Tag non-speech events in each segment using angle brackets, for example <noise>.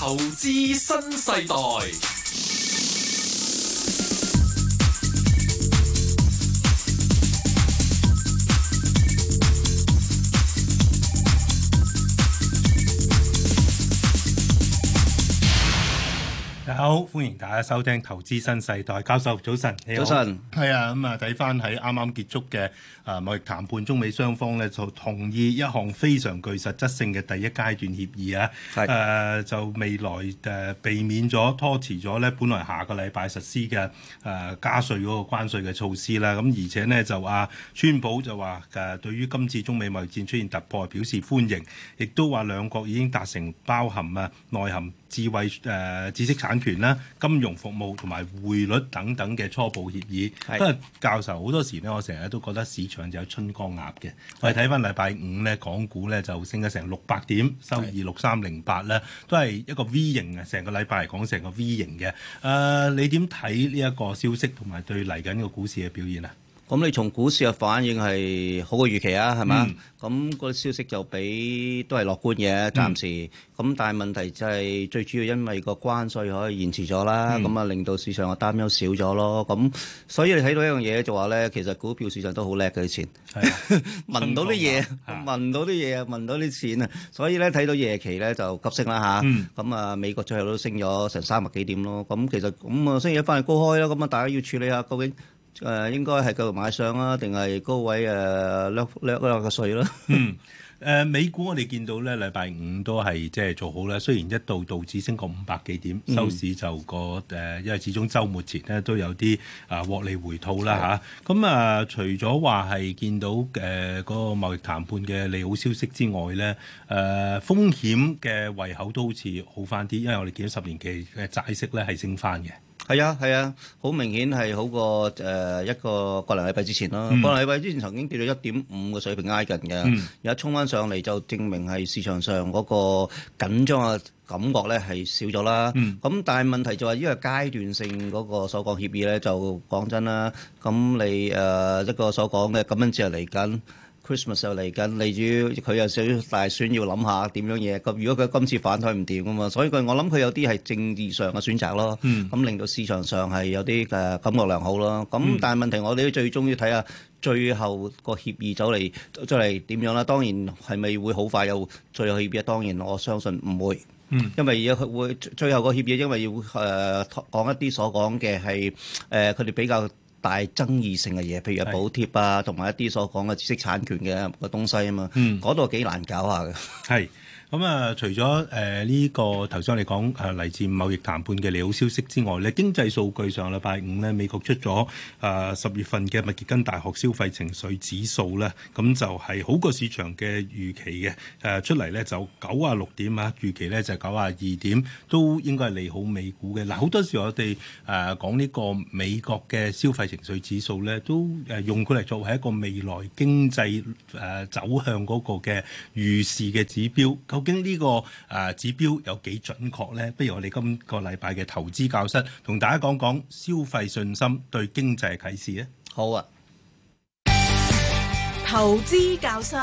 投資新世代。好，歡迎大家收聽投資新世代。教授早晨，早晨，係啊，咁啊，睇翻喺啱啱結束嘅啊貿易談判，中美雙方咧就同意一項非常具實質性嘅第一階段協議啊。係誒，就未來誒避免咗拖遲咗咧，本來下個禮拜實施嘅誒加稅嗰個關稅嘅措施啦。咁而且呢，就啊川普就話誒，對於今次中美貿易戰出現突破表示歡迎，亦都話兩國已經達成包含啊內含。智慧誒、呃、知識產權啦、金融服務同埋匯率等等嘅初步協議。不過是教授好多時咧，我成日都覺得市場就有春江鴨嘅。是我哋睇返禮拜五咧，港股咧就升咗成六百點，收二六三零八咧，都係一個 V 型嘅，成個禮拜嚟講成個 V 型嘅。誒、呃，你點睇呢一個消息同埋對嚟緊個股市嘅表現啊？咁你從股市嘅反應係好過預期啊，係嘛？咁個、嗯、消息就比都係樂觀嘅，暫時。咁、嗯、但係問題就係最主要，因為個關稅可以延遲咗啦，咁啊、嗯、令到市場嘅擔憂少咗咯。咁所以你睇到一樣嘢就話咧，其實股票市場都好叻嘅，錢、啊、 <laughs> 聞到啲嘢，啊、聞到啲嘢啊，聞到啲錢啊，所以咧睇到夜期咧就急升啦吓，咁啊、嗯嗯、美國最後都升咗成三,三百幾點咯。咁其實咁啊，星期一翻嚟高開啦，咁啊大家要處理下究竟。誒應該係繼續買上啦，定係高位誒略略個水咯。嗯，誒美股我哋見到咧，禮拜五都係即係做好啦。雖然一度道指升過五百幾點，收市就個誒，因為始終週末前咧都有啲啊獲利回吐啦嚇。咁啊，除咗話係見到誒嗰個貿易談判嘅利好消息之外咧，誒風險嘅胃口都好似好翻啲，因為我哋見到十年期嘅債息咧係升翻嘅。係啊，係啊，好明顯係好過誒、呃、一個一個零禮拜之前咯，嗯、個零禮拜之前曾經跌到一點五嘅水平挨近嘅，而家、嗯、衝翻上嚟就證明係市場上嗰個緊張嘅感覺咧係少咗啦。咁、嗯、但係問題就係呢個階段性嗰個所講協議咧，就講真啦，咁你誒、呃、一個所講嘅咁樣只係嚟緊。Christmas 又嚟緊，嚟住佢又少大選要諗下點樣嘢。咁如果佢今次反對唔掂啊嘛，所以佢我諗佢有啲係政治上嘅選擇咯。咁、嗯、令到市場上係有啲誒感覺良好咯。咁但係問題我，我哋都最終要睇下最後個協議走嚟走嚟點樣啦。當然係咪會好快有最後協議？當然我相信唔會，嗯、因為而家佢會最後個協議，因為要誒講一啲所講嘅係誒佢哋比較。帶爭議性嘅嘢，譬如話補貼啊，同埋一啲所講嘅知識產權嘅個東西啊嘛，嗰度幾難搞下嘅。咁、嗯呃這個、啊，除咗誒呢個頭先我哋講誒嚟自貿易談判嘅利好消息之外咧，經濟數據上禮拜五咧，美國出咗誒十月份嘅密歇根大學消費情緒指數咧，咁就係、是、好過市場嘅預期嘅誒、呃、出嚟咧就九啊六點啊，預期咧就九啊二點，都應該係利好美股嘅。嗱、啊、好多時我，我哋誒講呢個美國嘅消費情緒指數咧，都誒用佢嚟作為一個未來經濟誒、呃、走向嗰個嘅預示嘅指標。究竟呢個誒指標有幾準確呢？不如我哋今個禮拜嘅投資教室同大家講講消費信心對經濟嘅啟示咧。好啊，投資教室，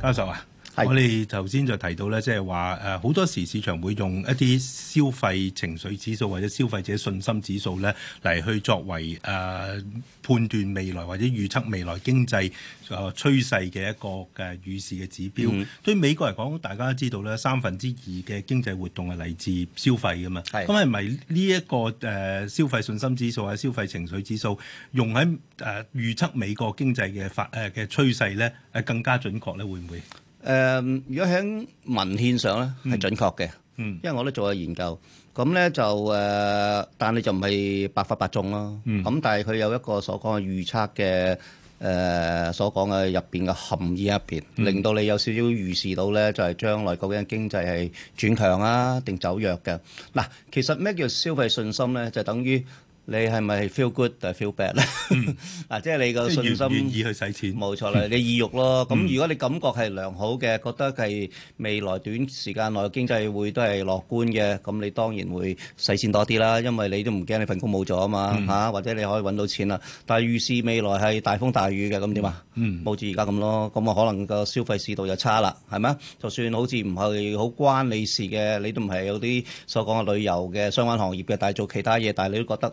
教授啊。是我哋頭先就提到咧，即係話誒好多時市場會用一啲消費情緒指數或者消費者信心指數咧嚟去作為誒、呃、判斷未來或者預測未來經濟誒趨勢嘅一個嘅預示嘅指標。嗯、對美國嚟講，大家都知道咧，三分之二嘅經濟活動係嚟自消費㗎嘛。咁係咪呢一個誒、呃、消費信心指數啊、或者消費情緒指數用喺誒、呃、預測美國經濟嘅發誒嘅趨勢咧，誒更加準確咧？會唔會？誒，如果喺文獻上咧係準確嘅，因為我都做過研究，咁咧就誒，但係你就唔係百發百中咯。咁但係佢有一個所講嘅預測嘅誒，所講嘅入邊嘅含義入邊，令到你有少少預示到咧，就係將來究竟經濟係轉強啊定走弱嘅。嗱，其實咩叫消費信心咧？就等於。你係咪 feel good 定係 feel bad 咧，嗯？嗱， <laughs> 即係你個信心，意去使錢，冇錯啦。你意欲咯。咁、嗯、如果你感覺係良好嘅，覺得係未來短時間內經濟會都係樂觀嘅，咁你當然會使錢多啲啦。因為你都唔驚你份工冇咗啊嘛，嚇、嗯啊、或者你可以揾到錢啦。但係預視未來係大風大雨嘅，咁點啊？嗯，冇似而家咁咯。咁啊，可能個消費市道又差啦，係咪？就算好似唔係好關你事嘅，你都唔係有啲所講嘅旅遊嘅相關行業嘅，但係做其他嘢，但係你都覺得。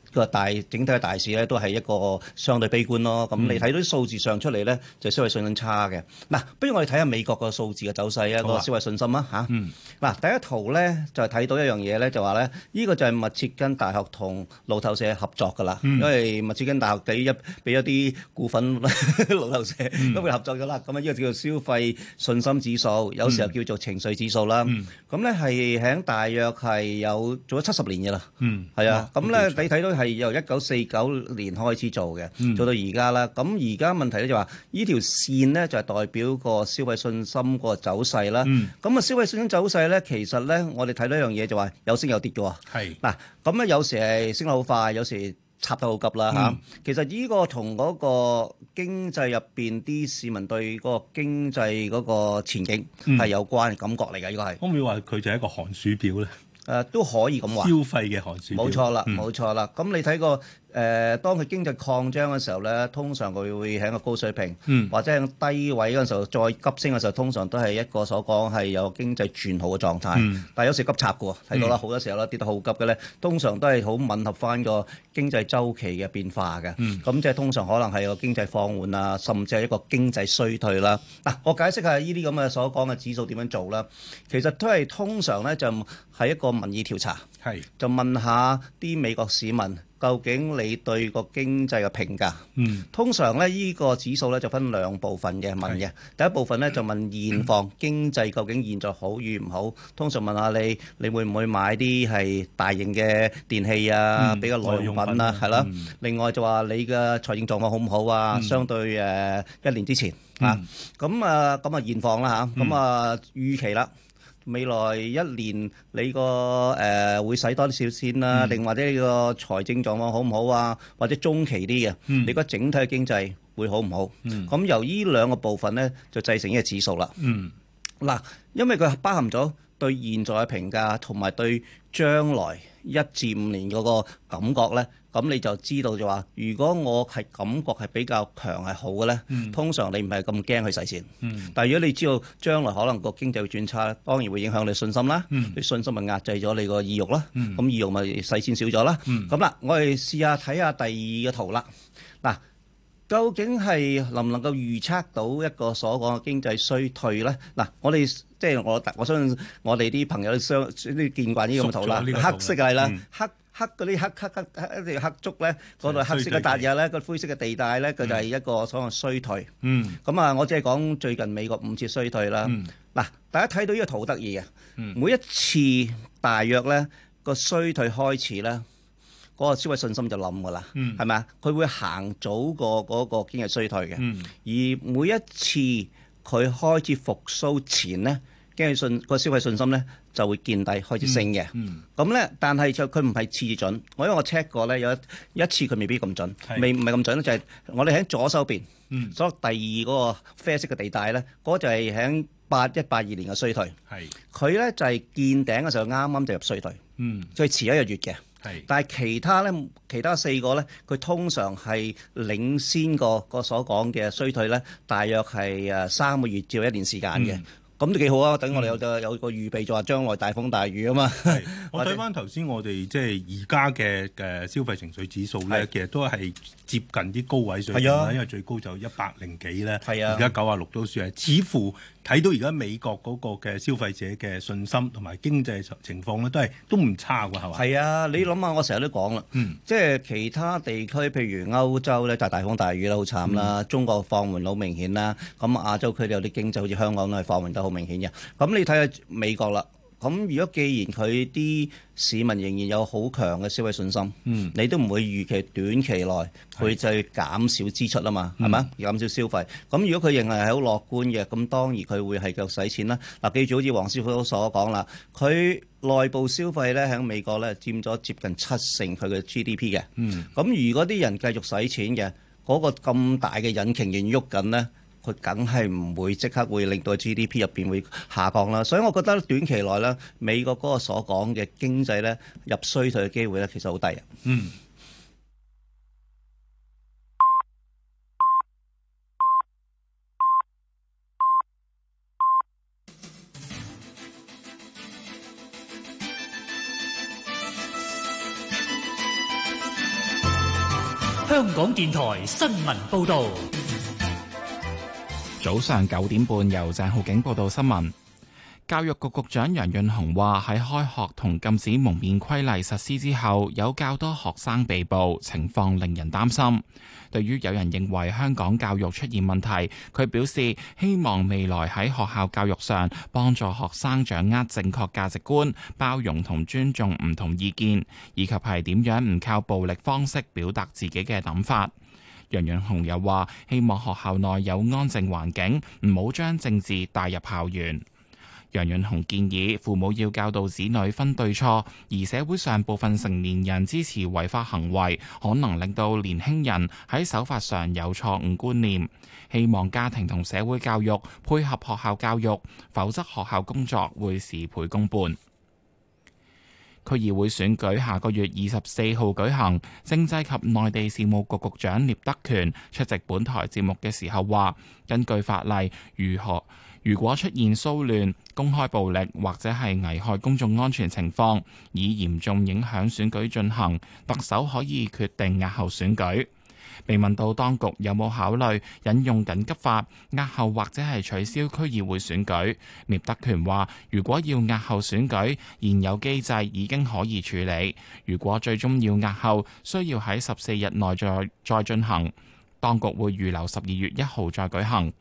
佢話大整體嘅大市咧都係一個相對悲觀咯。咁你睇到啲數字上出嚟咧，就消費信心差嘅。嗱，不如我哋睇下美國個數字嘅走勢啊，個消費信心啊，嚇。嗱，第一圖咧就係睇到一樣嘢咧，就話咧，依個就係密歇根大學同路透社合作㗎啦。因為密歇根大學俾一俾一啲股份，路透社都會合作咗啦。咁啊，依個叫做消費信心指數，有時候叫做情緒指數啦。咁咧係喺大約係有做咗七十年㗎啦。嗯，係啊。咁咧你睇到？係由一九四九年開始做嘅，做到而家啦。咁而家問題咧就話，依條線咧就係代表個消費信心個走勢啦。咁啊，消費信心走勢咧，其實咧，我哋睇到一樣嘢就話，有升有跌㗎。係，嗱，咁咧有時係升得好快，有時插得好急啦嚇。其實依個同嗰個經濟入邊啲市民對個經濟嗰個前景係有關感覺嚟㗎，應該係可唔可以話佢就係一個寒暑表咧？誒、呃、都可以咁話，消費嘅寒暑表，冇錯啦，冇錯啦，咁、嗯、你睇過。誒、呃，當佢經濟擴張嘅時候咧，通常佢會喺個高水平，嗯、或者係低位嗰陣時候再急升嘅時候，通常都係一個所講係有經濟轉好嘅狀態。嗯、但係有時急插嘅，睇到啦，好、嗯、多時候咧跌得好急嘅咧，通常都係好吻合翻個經濟周期嘅變化嘅。咁即係通常可能係個經濟放緩啊，甚至係一個經濟衰退啦。嗱、啊，我解釋下呢啲咁嘅所講嘅指數點樣做啦。其實都係通常咧就係一個民意調查，係就問下啲美國市民。究竟你對個經濟嘅評價？嗯，通常咧呢個指數咧就分兩部分嘅問嘅。第一部分咧就問現況經濟究竟現在好與唔好？通常問下你，你會唔會買啲係大型嘅電器啊，比較耐用品啊，係啦。另外就話你嘅財政狀況好唔好啊？相對誒一年之前啊，咁啊咁啊現況啦嚇，咁啊預期啦。未來一年你個誒、呃、會使多少錢啊？定、嗯、或者你個財政狀況好唔好啊？或者中期啲嘅，嗯、你個整體經濟會好唔好？咁、嗯、由呢兩個部分呢，就製成呢個指數啦。嗱、嗯，因為佢包含咗對現在嘅評價同埋對將來一至五年嗰個感覺呢。咁你就知道就話，如果我係感覺係比較強係好嘅呢，嗯、通常你唔係咁驚去使錢。嗯、但係如果你知道將來可能個經濟會轉差咧，當然會影響你信心啦。嗯、你信心咪壓制咗你個意欲啦。咁、嗯、意欲咪使錢少咗啦。咁啦、嗯，我哋試下睇下第二個圖啦。嗱，究竟係能唔能夠預測到一個所講嘅經濟衰退呢？嗱，我哋即係我我相信我哋啲朋友都相呢見慣呢個圖啦，黑色係啦，黑、嗯。黑嗰啲黑黑黑一條黑竹咧，嗰度黑色嘅笪嘢咧，個灰色嘅地帶咧，佢就係、是、一個所謂衰退。嗯。咁啊，我只係講最近美國五次衰退啦。嗯。嗱，大家睇到呢個圖得意啊。音 respace 每一次大約咧、個衰退開始咧，個消費信心就冧㗎啦。嗯。係咪啊？佢 音 bleiben 音 muscular AUDIO 會行早過嗰個經濟衰退嘅。而每一次佢開始復甦前咧，經濟信、個消費信心咧，就會見底開始升嘅，咁咧，但係就佢唔係次準，我因為我 check 過咧，有一次佢未必咁準，未唔係咁準咧，就係我哋喺左手邊，所第二嗰個啡色嘅地帶咧，嗰就係喺八一八二年嘅衰退，佢咧就係見頂嘅時候啱啱就入衰退，最遲一個月嘅，但係其他咧，其他四個咧，佢通常係領先個個所講嘅衰退咧，大約係誒三個月至一年時間嘅。咁都幾好啊！等我哋有個有個預備，就話將來大風大雨啊嘛 <laughs> 。我睇翻頭先，我哋即係而家嘅誒消費情緒指數咧，是其實都係接近啲高位水平，啊、因為最高就一百零幾咧。係啊，而家九啊六都算係。似乎睇到而家美國嗰個嘅消費者嘅信心同埋經濟情況咧，都係都唔差喎，係嘛？係啊，你諗下，我成日都講啦，即係其他地區，譬如歐洲咧就大風大雨啦，好慘啦；嗯、中國放緩好明顯啦。咁亞洲區有啲經濟好似香港都係放緩得好明顯嘅，咁你睇下美國啦。咁如果既然佢啲市民仍然有好強嘅消費信心，嗯，你都唔會預期短期內佢就減少支出啊嘛，係嘛，減少消費。咁如果佢仍然係好樂觀嘅，咁當然佢會係繼續使錢啦。嗱、啊，記住好似黃師傅所講啦，佢內部消費咧喺美國咧佔咗接近七成佢嘅 GDP 嘅。嗯，咁如果啲人繼續使錢嘅，嗰、那個咁大嘅引擎仍喐緊咧。佢梗係唔會即刻會令到 GDP 入邊會下降啦，所以我覺得短期內呢，美國嗰個所講嘅經濟呢入衰退嘅機會呢，其實好低嘅。嗯。香港電台新聞報導。早上九點半，由鄭浩景報道新聞。教育局局長楊潤雄話：喺開學同禁止蒙面規例實施之後，有較多學生被捕，情況令人擔心。對於有人認為香港教育出現問題，佢表示希望未來喺學校教育上幫助學生掌握正確價值觀、包容同尊重唔同意見，以及係點樣唔靠暴力方式表達自己嘅諗法。楊潤雄又話，希望學校內有安靜環境，唔好將政治帶入校園。楊潤雄建議父母要教導子女分對錯，而社會上部分成年人支持違法行為，可能令到年輕人喺手法上有錯誤觀念。希望家庭同社會教育配合學校教育，否則學校工作會事倍功半。區議會選舉下個月二十四號舉行，政制及內地事務局局長聶德權出席本台節目嘅時候話：根據法例，如何如果出現騷亂、公開暴力或者係危害公眾安全情況，以嚴重影響選舉進行，特首可以決定押後選舉。被問到當局有冇考慮引用緊急法押後或者係取消區議會選舉，聶德權話：如果要押後選舉，現有機制已經可以處理。如果最終要押後，需要喺十四日內再再進行，當局會預留十二月一號再舉行。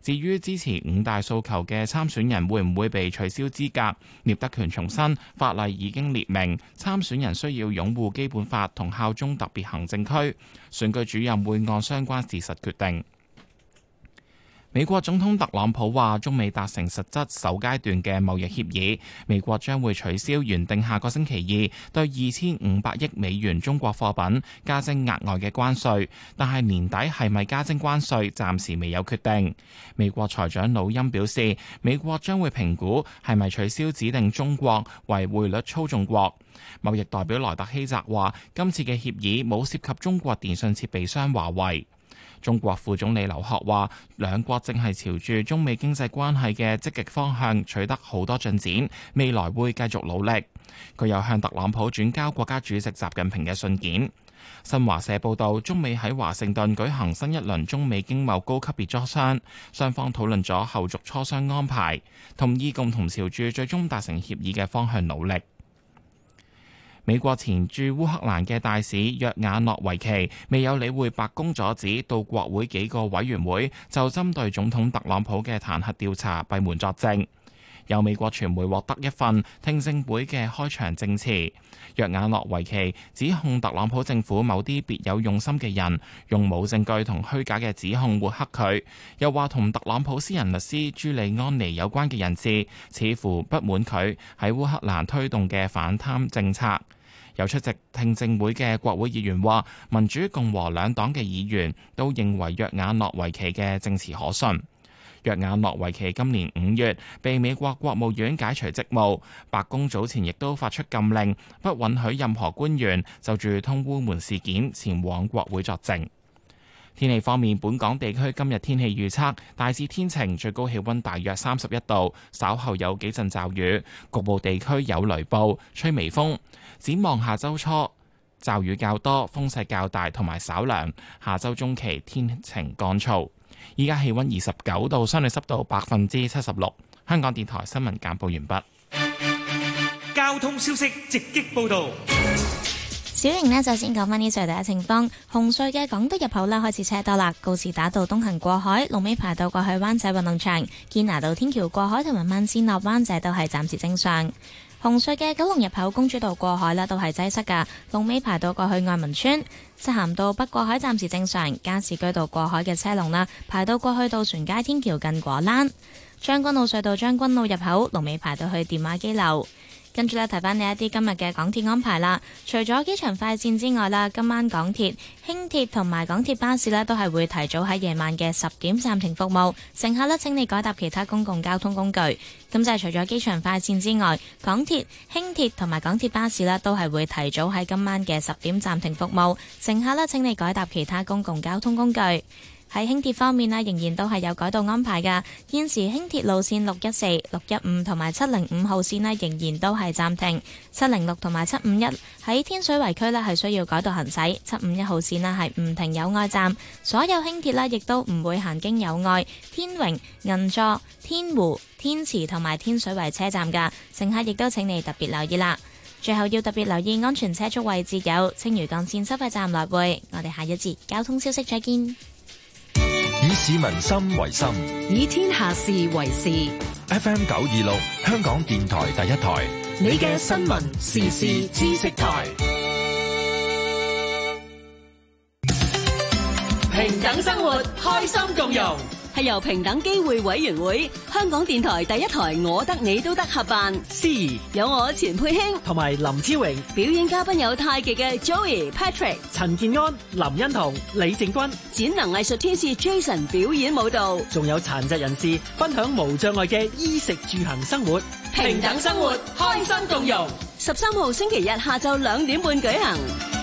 至於支持五大訴求嘅參選人會唔會被取消資格？聶德權重申，法例已經列明參選人需要擁護基本法同效忠特別行政區，選舉主任會按相關事實決定。美國總統特朗普話中美達成實質首階段嘅貿易協議，美國將會取消原定下個星期二對二千五百億美元中國貨品加徵額外嘅關稅，但係年底係咪加徵關稅暫時未有決定。美國財長努欽表示，美國將會評估係咪取消指定中國為匯率操縱國。貿易代表萊特希澤話，今次嘅協議冇涉及中國電信設備商華為。中國副總理劉鶴話：兩國正係朝住中美經濟關係嘅積極方向取得好多進展，未來會繼續努力。佢又向特朗普轉交國家主席習近平嘅信件。新華社報道，中美喺華盛頓舉行新一輪中美經貿高級別磋商，雙方討論咗後續磋商安排，同意共同朝住最終達成協議嘅方向努力。美國前駐烏克蘭嘅大使約雅諾維奇未有理會白宮阻止，到國會幾個委員會就針對總統特朗普嘅彈劾調查閉門作證。有美國傳媒獲得一份聽證會嘅開場證詞，約雅諾維奇指控特朗普政府某啲別有用心嘅人用冇證據同虛假嘅指控抹黑佢，又話同特朗普私人律師朱利安尼有關嘅人士似乎不滿佢喺烏克蘭推動嘅反貪政策。有出席聽證會嘅國會議員話，民主共和兩黨嘅議員都認為約瓦諾維奇嘅證詞可信。約瓦諾維奇今年五月被美國國務院解除職務，白宮早前亦都發出禁令，不允許任何官員就住通烏門事件前往國會作證。天氣方面，本港地區今日天氣預測大致天晴，最高氣温大約三十一度，稍後有幾陣驟雨，局部地區有雷暴，吹微風。展望下周初，驟雨較多，風勢較大，同埋稍涼。下周中期天晴乾燥。依家氣温二十九度，相對濕度百分之七十六。香港電台新聞簡報完畢。交通消息直擊報道。小瑩呢，就先講翻呢隧道嘅情況。紅隧嘅港島入口啦，開始車多啦。告士打道東行過海，龍尾排到過去灣仔運動場；堅拿道天橋過海同埋慢線落灣仔都係暫時正常。紅隧嘅九龍入口，公主道過海啦，都係擠塞噶。龍尾排到過去愛民村，漆咸道北過海暫時正常。加士居道過海嘅車龍啦，排到過去渡船街天橋近果欄。將軍澳隧道，將軍澳入口龍尾排到去電話機樓。跟住咧，提翻你一啲今日嘅港鐵安排啦。除咗機場快線之外啦，今晚港鐵、輕鐵同埋港鐵巴士呢都係會提早喺夜晚嘅十點暫停服務，乘客呢，請你改搭其他公共交通工具。咁就係除咗機場快線之外，港鐵、輕鐵同埋港鐵巴士呢都係會提早喺今晚嘅十點暫停服務，乘客呢，請你改搭其他公共交通工具。喺輕鐵方面咧，仍然都係有改道安排嘅。現時輕鐵路線六一四、六一五同埋七零五號線咧，仍然都係暫停。七零六同埋七五一喺天水圍區咧係需要改道行駛。七五一號線咧係唔停友愛站，所有輕鐵呢亦都唔會行經友愛、天榮、銀座、天湖、天池同埋天水圍車站嘅。乘客，亦都請你特別留意啦。最後要特別留意安全車速位置有青嶼幹線收費站來回。我哋下一節交通消息再見。以市民心為心，以天下事為事。FM 九二六，香港電台第一台，你嘅新聞時事知識台，平等生活，開心共融。係由平等機會委員會、香港電台第一台我得你都得合辦，C，有我錢佩興同埋林超榮表演嘉賓有太極嘅 Joey、Patrick、陳建安、林欣彤、李靜君、展能藝術天使 Jason 表演舞蹈，仲有殘疾人士分享無障礙嘅衣食住行生活，平等生活，開心共融。十三號星期日下晝兩點半舉行。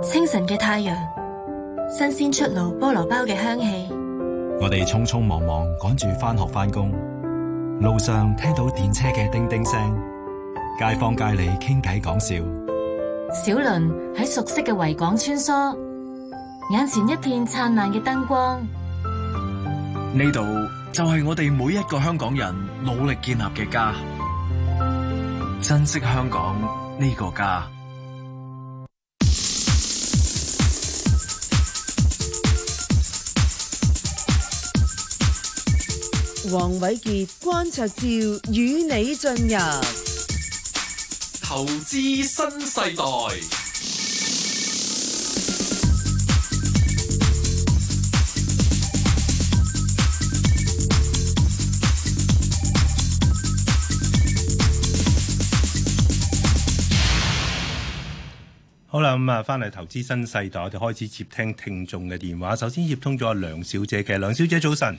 清晨嘅太陽，新鮮出爐菠蘿包嘅香氣。我哋匆匆忙忙趕住翻學翻工，路上聽到電車嘅叮叮聲，街坊街里傾偈講笑。 <noise> 小輪喺熟悉嘅維港穿梭，眼前一片燦爛嘅燈光。呢度就係我哋每一個香港人努力建立嘅家，珍惜香港呢個家。黃瑋傑關焯照與你進入投資新世代。 <music> 好啦，咁啊，翻嚟投資新世代，我哋開始接聽聽眾嘅電話。首先接通咗梁小姐嘅，梁小姐早晨。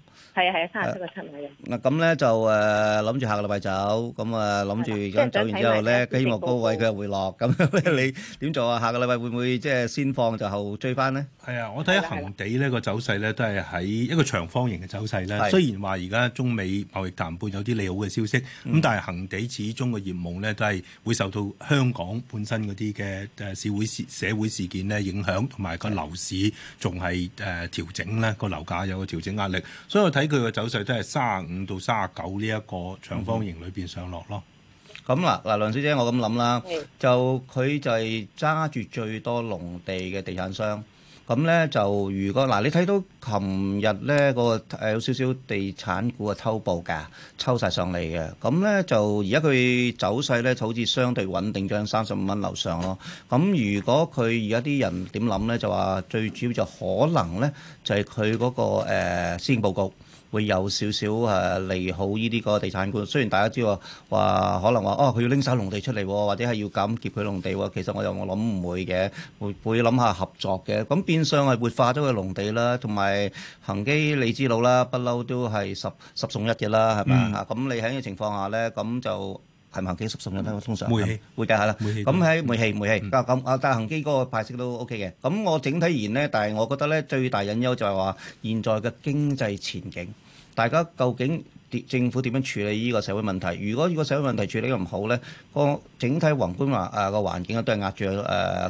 係啊係啊，三十七個七嗱咁咧就誒諗住下個禮拜走，咁啊諗住而家走完之後咧，希望高位佢又回落，咁咧你點做啊？下個禮拜會唔會即係先放就後追翻呢？係啊，我睇恒地呢個走勢咧都係喺一個長方形嘅走勢咧。雖然話而家中美貿易談判有啲利好嘅消息，咁但係恒地始終個業務咧都係會受到香港本身嗰啲嘅誒社會事社會事件咧影響，同埋個樓市仲係誒調整咧，個樓價有個調整壓力，所以我睇，喺佢嘅走勢都係卅五到卅九呢一個長方形裏邊上落咯。咁啦，嗱梁小姐，我咁諗啦，就佢就係揸住最多農地嘅地產商。咁咧就如果嗱，你睇到琴日咧個誒有少少地產股嘅抽報價，抽曬上嚟嘅。咁咧就而家佢走勢咧就好似相對穩定，將三十五蚊樓上咯。咁如果佢而家啲人點諗咧，就話最主要就可能咧就係佢嗰個誒先報告。會有少少誒、啊、利好呢啲個地產股，雖然大家知話話可能話哦，佢要拎晒農地出嚟、哦，或者係要噉劫佢農地喎、哦，其實我又我諗唔會嘅，會會諗下合作嘅，咁變相係活化咗個農地啦，同埋恒基荔枝佬啦，不嬲都係十十送一嘅啦，係咪、嗯、啊？咁你喺呢個情況下咧，咁就。咪行機縮縮咁樣通常，煤氣，會計下啦。咁喺煤氣，煤氣，咁、嗯、啊，但行機嗰個派息都 O K 嘅。咁我整體而言咧，但係我覺得咧，最大隱憂就係話現在嘅經濟前景，大家究竟？政府點樣處理呢個社會問題？如果如果社會問題處理得唔好咧，個整體宏觀話誒個環境啊都係壓住誒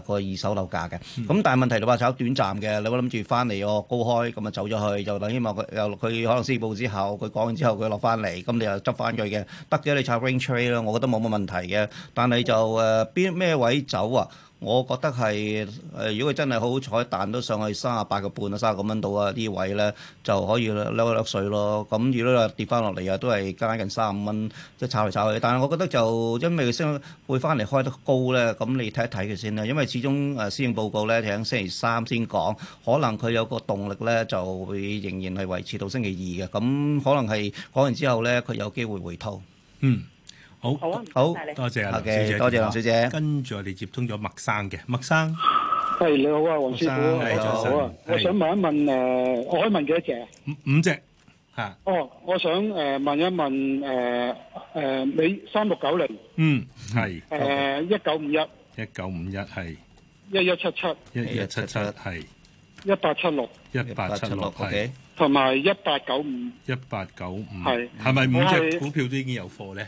個二手樓價嘅。咁但係問題你話炒短暫嘅，你會諗住翻嚟哦，高開，咁啊走咗去，就等希望佢又佢可能施政報告之後，佢講完之後佢落翻嚟，咁你又執翻佢嘅，得嘅你炒 range trade 啦，ray, 我覺得冇乜問題嘅。但係就誒邊咩位走啊？我覺得係誒、呃，如果佢真係好彩彈到上去三啊八個半啊，三十個蚊度啊啲位咧，就可以甩一甩水咯。咁、嗯、如果甩跌翻落嚟啊，都係加近三五蚊，即係炒嚟炒去。但係我覺得就因為佢升會翻嚟開得高咧，咁你睇一睇佢先啦。因為始終誒施政報告咧，喺星期三先講，可能佢有個動力咧，就會仍然係維持到星期二嘅。咁可能係講完之後咧，佢有機會回吐。嗯。好，好，多謝啊，劉小姐，多謝劉小姐。跟住我哋接通咗麥生嘅。麥生，係，你好啊，黃師傅，你好啊。我想問一問誒，我可以問幾多隻啊？五五隻吓。哦，我想誒問一問誒誒，你三六九零嗯，係誒一九五一一九五一係一一七七一一七七係一八七六一八七六係同埋一八九五一八九五係。係咪五隻股票都已經有貨咧？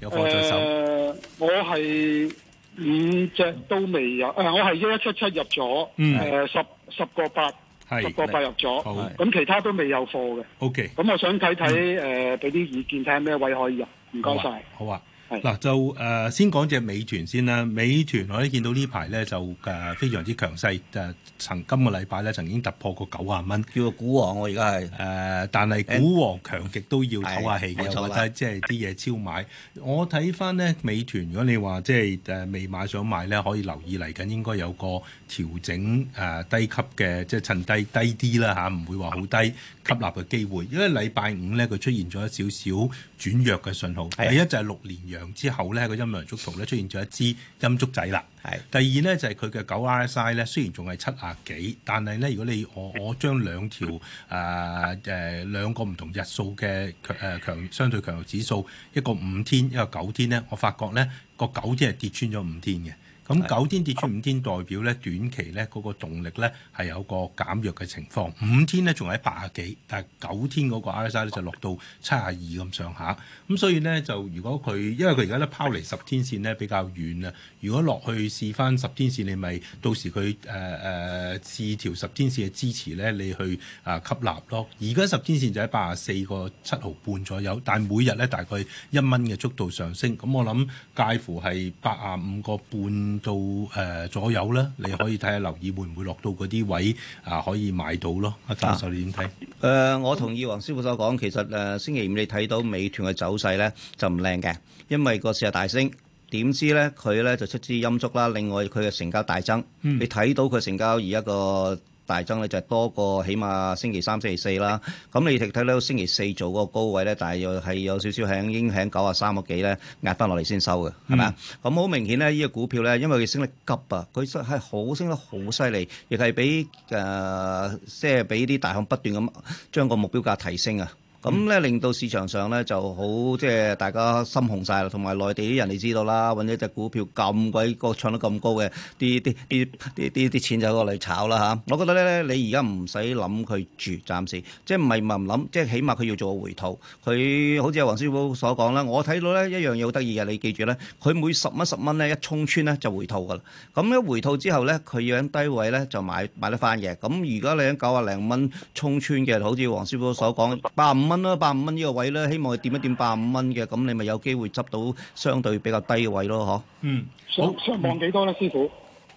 誒、呃，我係五隻都未有，誒、呃，我係一一七七入咗，誒、嗯呃，十十個八，是十個八入咗，咁其他都未有貨嘅。OK，咁我想睇睇誒，俾啲、嗯呃、意見睇下咩位可以入，唔該晒。好啊。嗱就誒、呃、先講隻美團先啦，美團我哋見到呢排咧就誒、呃、非常之強勢，誒、呃、曾今個禮拜咧曾經突破過九十蚊，叫做股王我而家係誒，但係股王強極都要唞下氣嘅，或者即係啲嘢超買。欸、我睇翻呢美團，如果你話即係誒未買想買咧，可以留意嚟緊應該有個調整誒、呃、低級嘅，即係趁低低啲啦嚇，唔、啊、會話好低吸納嘅機會。因為禮拜五咧佢出現咗少少轉弱嘅信號，弱號，第一，第一就係六年 ,6 年6之後咧喺個陰陽燭圖咧出現咗一支陰燭仔啦。係是第二咧就係佢嘅九 RSI 咧雖然仲係七啊幾，但係咧如果你我我將兩條誒誒、呃呃、兩個唔同日數嘅誒強、呃、相對強弱指數，一個五天，一個九天咧，我發覺咧個九天係跌穿咗五天嘅。咁九天跌穿五天，代表咧短期咧嗰個動力咧係有個減弱嘅情況，五天咧仲喺八啊幾，但係九天嗰個 RSI 咧就落到七啊二咁上下。咁所以咧就如果佢，因為佢而家咧拋離十天線咧比較遠啊。如果落去試翻十天線，你咪到時佢誒誒試條十天線嘅支持咧，你去啊吸納咯。而家十天線就喺八啊四個七毫半左右，但係每日咧大概一蚊嘅速度上升。咁我諗介乎係八啊五個半。到誒左右啦，你可以睇下留意會唔會落到嗰啲位啊，可以買到咯。阿教授你點睇？誒，我同意黃師傅所講，其實誒星期五你睇到美團嘅走勢咧就唔靚嘅，因為個市係大升，點知咧佢咧就出啲陰燭啦。另外佢嘅成交大增，你睇到佢成交而一個，大增咧就多過起碼星期三、星期四啦。咁 <laughs> 你睇睇到星期四做個高位咧，大約係有少少喺應喺九啊三個幾咧壓翻落嚟先收嘅，係咪？咁好、嗯、明顯咧，呢、這個股票咧，因為佢升得急啊，佢真係好升得好犀利，亦係俾誒即係俾啲大行不斷咁將個目標價提升啊！咁咧、嗯嗯、令到市場上咧就好，即係大家心紅晒啦。同埋內地啲人你知道啦，揾咗隻股票咁鬼高，唱得咁高嘅，啲啲啲啲啲啲錢就過嚟炒啦嚇、啊。我覺得咧，你而家唔使諗佢住，暫時即係唔係唔諗，即係起碼佢要做個回吐。佢好似黃師傅所講啦，我睇到咧一樣嘢好得意嘅，你記住咧，佢每十蚊十蚊咧一衝穿咧就回吐噶啦。咁一回吐之後咧，佢要喺低位咧就買買得翻嘅。咁如果你喺九啊零蚊衝穿嘅，好似黃師傅所講八啊五蚊。蚊啦，八五蚊呢個位咧，希望係點一點八五蚊嘅，咁你咪有機會執到相對比較低嘅位咯，嗬？嗯，上上望幾多咧，師傅？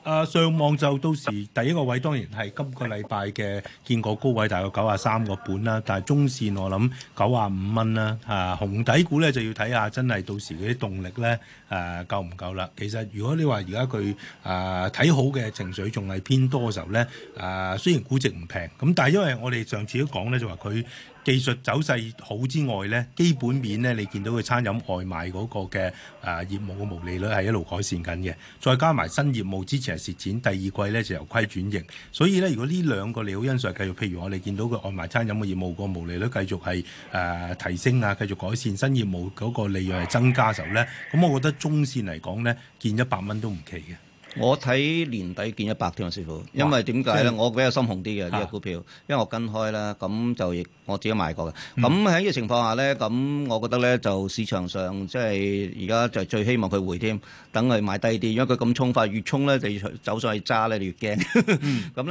啊，上望就到時第一個位當然係今個禮拜嘅見過高位，大約九十三個半啦。但係中線我諗九十五蚊啦。啊，紅底股咧就要睇下真係到時嗰啲動力咧啊夠唔夠啦？其實如果你話而家佢啊睇好嘅情緒仲係偏多嘅時候咧，啊雖然估值唔平，咁但係因為我哋上次都講咧，就話佢。技術走勢好之外咧，基本面咧，你見到佢餐飲外賣嗰個嘅誒、呃、業務嘅毛利率係一路改善緊嘅，再加埋新業務之前係蝕錢，第二季咧就由虧轉型。所以咧如果呢兩個利好因素係繼續，譬如我哋見到佢外賣餐飲嘅業務、嗰個毛利率繼續係誒、呃、提升啊，繼續改善，新業務嗰個利潤係增加嘅時候咧，咁我覺得中線嚟講咧，見一百蚊都唔奇嘅。我睇年底見一百添啊，師傅，因為點解咧？是我比較心紅啲嘅呢隻股票，啊、因為我跟開啦，咁就亦我自己買過嘅。咁喺呢個情況下咧，咁我覺得咧就市場上即係而家就最希望佢回添，等佢買低啲，因為佢咁衝快，越衝咧就走上去揸咧越驚。咁 <laughs> 咧、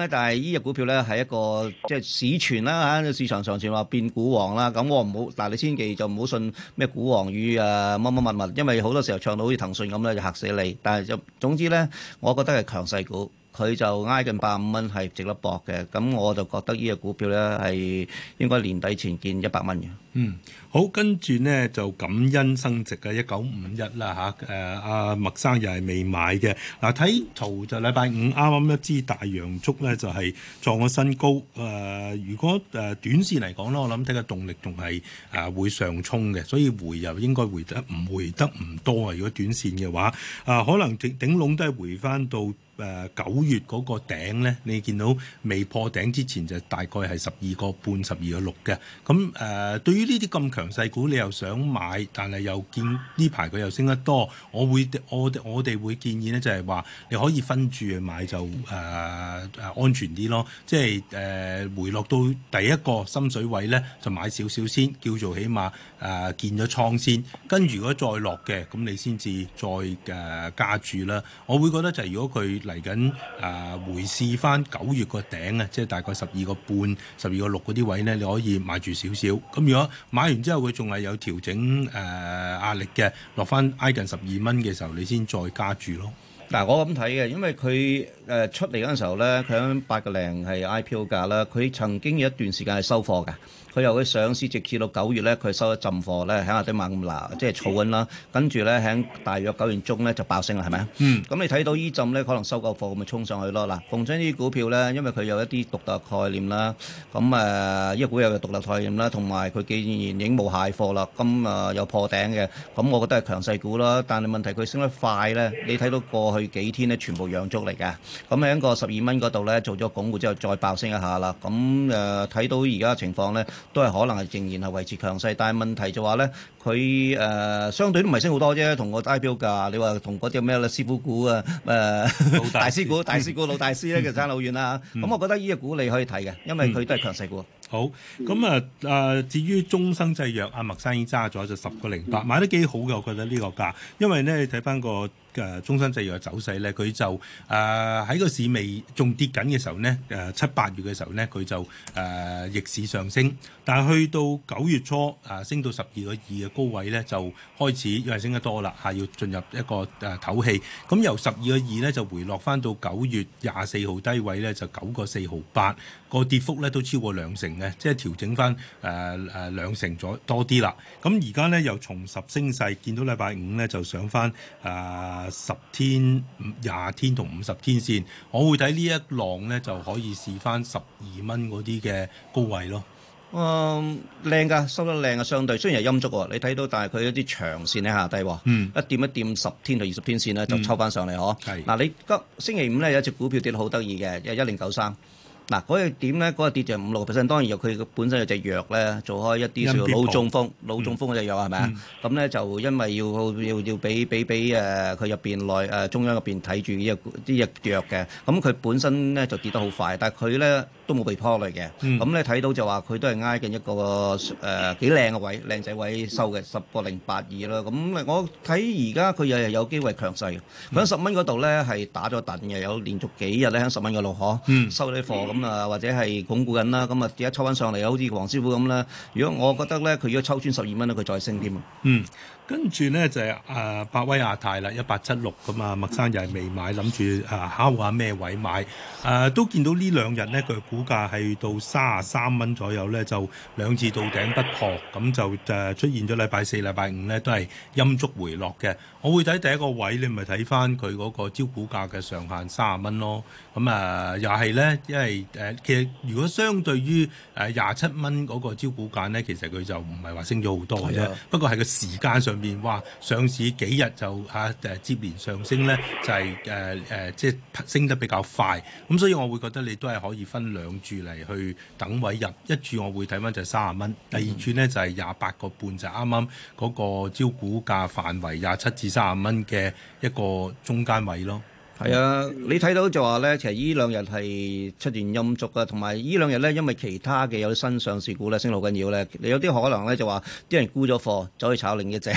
嗯，但係呢隻股票咧係一個即係、就是、市傳啦嚇，市場上傳話變股王啦。咁我唔好，但係你千祈就唔好信咩股王語啊乜乜物物，因為好多時候唱到好似騰訊咁咧就嚇死你。但係就總之咧。我覺得係強勢股，佢就挨近百五蚊係值得搏嘅。咁我就覺得呢隻股票呢係應該年底前見一百蚊嘅。嗯，好，跟住咧就感恩升值嘅一九五一啦，吓，誒阿麥生又係未買嘅，嗱睇圖就禮拜五啱啱一支大陽燭咧就係、是、撞咗新高，誒、啊。如果誒、啊、短線嚟講啦，我諗睇嘅動力仲係誒會上衝嘅，所以回入應該回得唔回得唔多啊，如果短線嘅話啊可能頂頂籠都係回翻到誒九、啊、月嗰個頂咧，你見到未破頂之前就大概係十二個半十二個六嘅，咁誒、啊、對於。呢啲咁強勢股，你又想買，但係又見呢排佢又升得多，我會我我哋會建議咧，就係、是、話你可以分住去買就誒誒、呃、安全啲咯。即係誒、呃、回落到第一個深水位咧，就買少少先，叫做起碼誒、呃、建咗倉先。跟住如果再落嘅，咁你先至再誒、呃、加住啦。我會覺得就係如果佢嚟緊誒回試翻九月個頂啊，即係大概十二個半、十二個六嗰啲位咧，你可以買住少少。咁如果買完之後，佢仲係有調整誒、呃、壓力嘅，落翻挨近十二蚊嘅時候，你先再加注咯。嗱、啊，我咁睇嘅，因為佢誒、呃、出嚟嗰陣時候咧，佢喺八個零係 IPO 價啦，佢曾經有一段時間係收貨㗎。佢由佢上市直至到九月咧，佢收一浸貨咧，喺下底猛咁嗱，即係儲緊啦。跟住咧，喺大約九月中咧就爆升啦，係咪 <noise> 嗯。咁你睇到依浸咧，可能收夠貨咁咪衝上去咯。嗱，逢親呢啲股票咧，因為佢有一啲獨特概念啦，咁誒、呃這個、一股有有獨立概念啦，同埋佢既然已經冇蟹貨啦，咁誒有破頂嘅，咁我覺得係強勢股啦。但係問題佢升得快咧，你睇到過去幾天咧全部養足嚟嘅。咁喺個十二蚊嗰度咧做咗鞏固之後再爆升一下啦。咁誒睇到而家嘅情況咧。都係可能係仍然係維持強勢，但係問題就話、是、咧，佢誒、呃、相對都唔係升好多啫，同個 IPO 價，你話同嗰隻咩啦，師傅股啊，誒、呃，老大，師 <laughs> 大師股、大師股老大師咧，嗯、其實爭好遠啦。咁我覺得呢隻股你可以睇嘅，因為佢都係強勢股。嗯、好，咁啊誒，至於中生製藥，阿麥生已經揸咗就十個零八，買得幾好嘅，我覺得呢個價，因為咧你睇翻個。嘅中生製藥嘅走勢咧，佢就誒喺個市未仲跌緊嘅時候咧，誒七八月嘅時候咧，佢就誒逆市上升，但係去到九月初誒升到十二個二嘅高位咧，就開始因為升得多啦，嚇要進入一個誒唞氣，咁由十二個二咧就回落翻到九月廿四號低位咧，就九個四毫八個跌幅咧都超過兩成嘅，即係調整翻誒誒兩成咗多啲啦。咁而家咧又重拾升勢，見到禮拜五咧就上翻誒十天、廿天同五十天線，我會睇呢一浪咧就可以試翻十二蚊嗰啲嘅高位咯。嗯，靚噶，收得靚啊，相對雖然係陰燭喎，你睇到，但係佢一啲長線咧下低喎。嗯，一掂一掂，十天同二十天線咧就抽翻上嚟呵。係。嗱，你今星期五咧有一隻股票跌得好得意嘅，一零九三。嗱嗰個點咧，嗰個跌就五六個 percent。當然有佢本身有隻藥咧，做開一啲叫做腦中風、腦、嗯、中風嘅藥係咪啊？咁咧、嗯、就因為要要要俾俾俾誒佢入邊內誒中央入邊睇住呢隻藥嘅，咁、嗯、佢本身咧就跌得好快。但係佢咧都冇被拖嚟嘅。咁咧睇到就話佢都係挨緊一個誒幾靚嘅位，靚仔位收嘅十個零八二啦。咁、嗯嗯、我睇而家佢又有機會強勢。響十蚊嗰度咧係打咗盾嘅，有連續幾日咧響十蚊嗰度嗬收啲貨。嗯。咁啊，或者係鞏固緊啦。咁啊，而家抽翻上嚟好似黃師傅咁啦。如果我覺得咧，佢如果抽穿十二蚊咧，佢再升添啊。嗯，跟住咧就係、是、啊，百、呃、威亞太啦，一八七六咁啊，麥生又係未買，諗住啊敲下咩位買啊、呃，都見到兩呢兩日咧，佢股價係到三十啊三蚊左右咧，就兩次到頂不破，咁、嗯、就誒出現咗禮拜四、禮拜五咧都係陰燭回落嘅。我會睇第一個位，你咪睇翻佢嗰個招股價嘅上限卅蚊咯。咁、嗯、啊，又係咧，因為誒、呃，其實如果相對於誒廿七蚊嗰個招股價咧，其實佢就唔係話升咗好多嘅。的不過係個時間上面哇！上市幾日就嚇誒、啊呃、接連上升咧，就係誒誒，即係升得比較快。咁所以我會覺得你都係可以分兩注嚟去等位入。一注我會睇翻就係卅蚊，第二注咧就係廿八個半，就啱啱嗰個招股價範圍廿七至卅五蚊嘅一個中間位咯。係、嗯、啊，你睇到就話咧，其實呢兩日係出現陰燭啊，同埋呢兩日咧，因為其他嘅有啲新上市股咧，升得好緊要咧。你有啲可能咧就話啲人沽咗貨，走去炒另一隻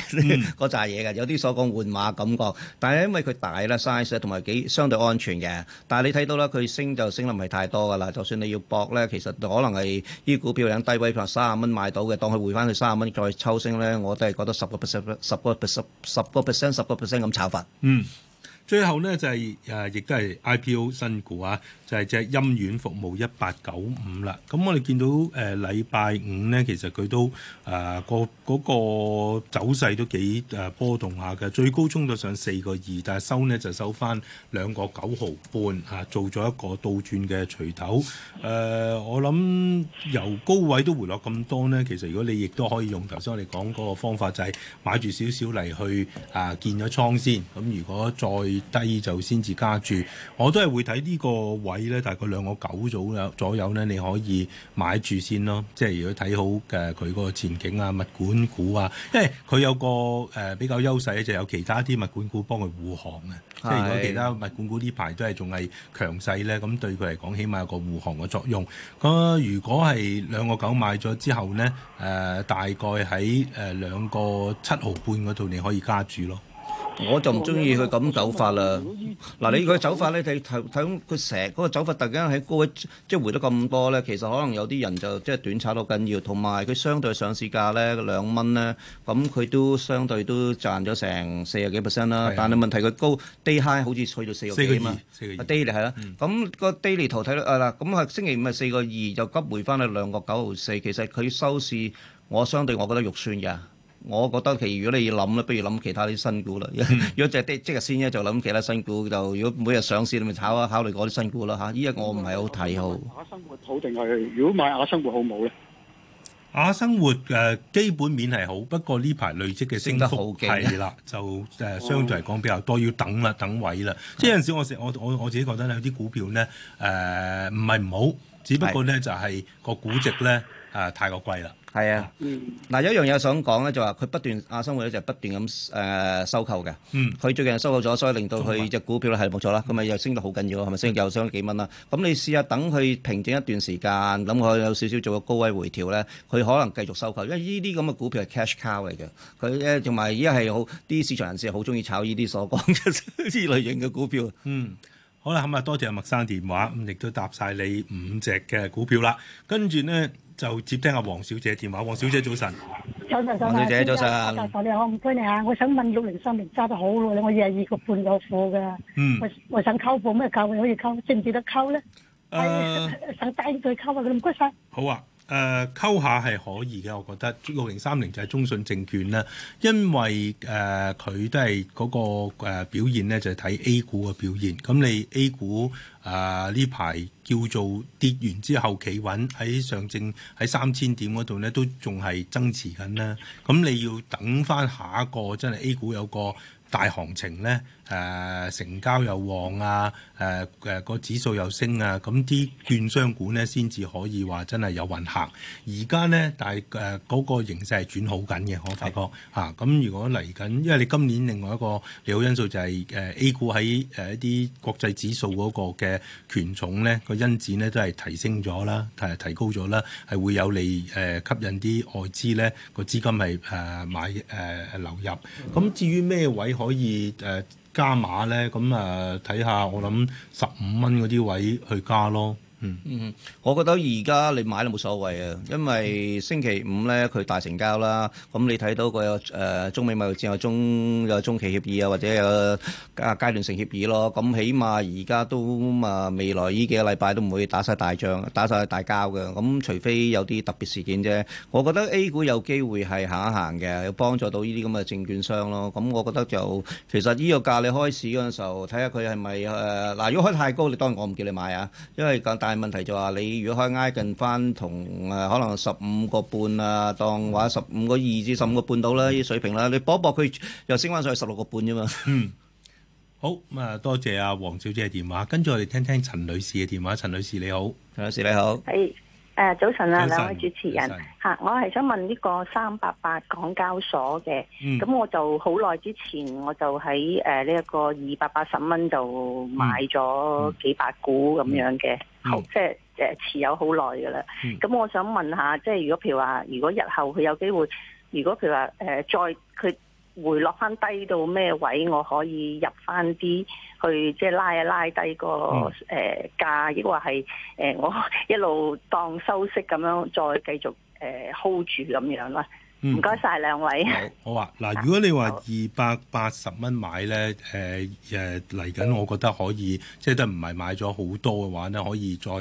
嗰扎嘢嘅。有啲所講換馬感覺，但係因為佢大啦 size，同埋幾相對安全嘅。但係你睇到咧，佢升就升得唔係太多噶啦。就算你要搏咧，其實可能係呢股票兩低位譬如話三十蚊買到嘅，當佢回翻去三十蚊再抽升咧，我都係覺得十個 percent 十個 percent 十個 percent 十個 percent 咁炒法。嗯。最後咧就係誒，亦都係 IPO 新股啊，就係隻鑫苑服務一八九五啦。咁我哋見到誒禮拜五咧，其實佢都誒個嗰個走勢都幾誒波動下嘅，最高衝到上四個二，但係收咧就收翻兩個九毫半嚇，做咗一個倒轉嘅錘頭。誒，我諗由高位都回落咁多咧，其實如果你亦都可以用頭先我哋講嗰個方法，就係買住少少嚟去啊建咗倉先。咁如果再低就先至加注，我都係會睇呢個位咧，大概兩個九組有左右咧，你可以買住先咯。即係如果睇好誒佢嗰個前景啊，物管股啊，因為佢有個誒、呃、比較優勢咧，就係，有其他啲物管股幫佢護航嘅。是即係如果其他物管股是是呢排都係仲係強勢咧，咁對佢嚟講起碼有個護航嘅作用。咁如果係兩個九買咗之後咧，誒、呃、大概喺誒兩個七毫半嗰度，你可以加注咯。我就唔中意佢咁走法啦。嗱，你佢走法咧，睇睇睇，佢成嗰個走法突然間喺高位，即係回得咁多咧。其實可能有啲人就即係短炒到緊要。同埋佢相對上市價咧兩蚊咧，咁佢都相對都賺咗成四十幾 percent 啦。但係問題，佢高，day high 好似去到四十幾啊。四個二，daily 係啦。咁個 daily 圖睇到啊嗱，咁係星期五係四個二，就急回翻去兩個九毫四。其實佢收市，我相對我覺得肉酸嘅。我覺得其實如果你要諗咧，不如諗其他啲新股啦。 <laughs> 如果就即即日先咧，就諗其他新股。就如果每日上市，你咪炒下考慮嗰啲新股咯吓，依家我唔係好睇好。雅生活好定係如果買雅生活好唔好咧？雅生活嘅基本面係好，不過呢排累積嘅升幅係啦，就誒相對嚟講比較多，要等啦，等位啦。哦、即有陣時我我我自己覺得咧，有啲股票咧誒唔係唔好，只不過咧就係個估值咧。啊，太過貴啦！係啊，嗱、嗯、有一樣嘢想講咧，就話、是、佢不斷亞、啊、生匯咧就不斷咁誒、呃、收購嘅。嗯，佢最近收購咗，所以令到佢隻股票咧係冇錯啦。咁咪、嗯、嗎又升得好緊要，係咪升又升咗幾蚊啦？咁你試下等佢平靜一段時間，諗佢有少少做個高位回調咧，佢可能繼續收購，因為呢啲咁嘅股票係 cash cow 嚟嘅。佢咧同埋而家係好啲市場人士好鍾意炒呢啲所講嘅呢類型嘅股票。嗯，好啦，咁啊多謝麥生電話，咁亦都答晒你五隻嘅股票啦，跟住呢。就接聽阿王小姐電話。王小姐早晨，王小姐早晨，阿教授你好，唔該你啊。我想問，六零三零揸得好耐，你我廿二個半有貨嘅，我我想溝貨，咩價你可以溝？值唔值得溝咧？想帶佢再溝啊！你唔該曬。好啊。誒、uh, 溝下係可以嘅，我覺得六零三零就係中信證券啦，因為誒佢、uh, 都係嗰、那個、uh, 表現咧，就係、是、睇 A 股嘅表現。咁你 A 股誒呢排叫做跌完之後企穩喺上證喺三千點嗰度咧，都仲係增持緊啦。咁你要等翻下一個真係 A 股有個大行情咧。誒、呃、成交又旺啊！誒誒個指數又升啊！咁、嗯、啲券商股咧先至可以話真係有運行。而家咧，但誒嗰、呃那個形勢係轉好緊嘅，我發覺嚇。咁是、啊、如果嚟緊，因為你今年另外一個利好因素就係、是、誒、呃、A 股喺誒一啲國際指數嗰個嘅權重咧，個因子咧都係提升咗啦，係提，提高咗啦，係會有利誒、呃、吸引啲外資咧、那個資金係誒買誒流入。咁至於咩位可以誒？加碼咧，咁、呃、啊，睇下，我諗十五蚊嗰啲位去加咯。嗯嗯，我覺得而家你買都冇所謂啊，因為星期五咧佢大成交啦，咁、嗯、你睇到個有誒、呃、中美貿易戰有中有中期協議啊，或者有階、啊、段性協議咯，咁、嗯、起碼而家都啊未來呢幾個禮拜都唔會打晒大仗，打晒大交嘅，咁、嗯、除非有啲特別事件啫。我覺得 A 股有機會係行一行嘅，有幫助到呢啲咁嘅證券商咯。咁、嗯、我覺得就其實呢個價你開市嗰陣時候睇下佢係咪誒嗱，如果開太高，你當然我唔叫你買啊，因為。但係問題就話、是、你如果可以挨近翻同誒可能十五個半啊，當話十五個二至十五個半到啦啲水平啦，你搏一搏佢又升翻上去十六個半啫嘛。嗯。好咁啊，多謝阿黃小姐嘅電話，跟住我哋聽聽陳女士嘅電話。陳女士你好，陳女士你好，係。誒，早晨啊，晨兩位主持人吓晨、啊，我係想問呢個三八八港交所嘅。咁、嗯、我就好耐之前我就喺誒呢一個二百八十蚊就買咗幾百股咁樣嘅，嗯嗯、即係誒、呃、持有好耐嘅啦。咁、嗯、我想問下，即係如果譬如話，如果日後佢有機會，如果譬如話誒、呃、再佢。回落翻低到咩位，我可以入翻啲去，即係拉一拉低個誒價，亦、呃、或係誒、呃、我一路當收息咁樣，再繼續誒、呃、hold 住咁樣啦。唔該晒，兩位、嗯。好，啊。嗱，如果你話二百八十蚊買咧，誒誒嚟緊，啊、我覺得可以，嗯、即係都唔係買咗好多嘅話呢，可以再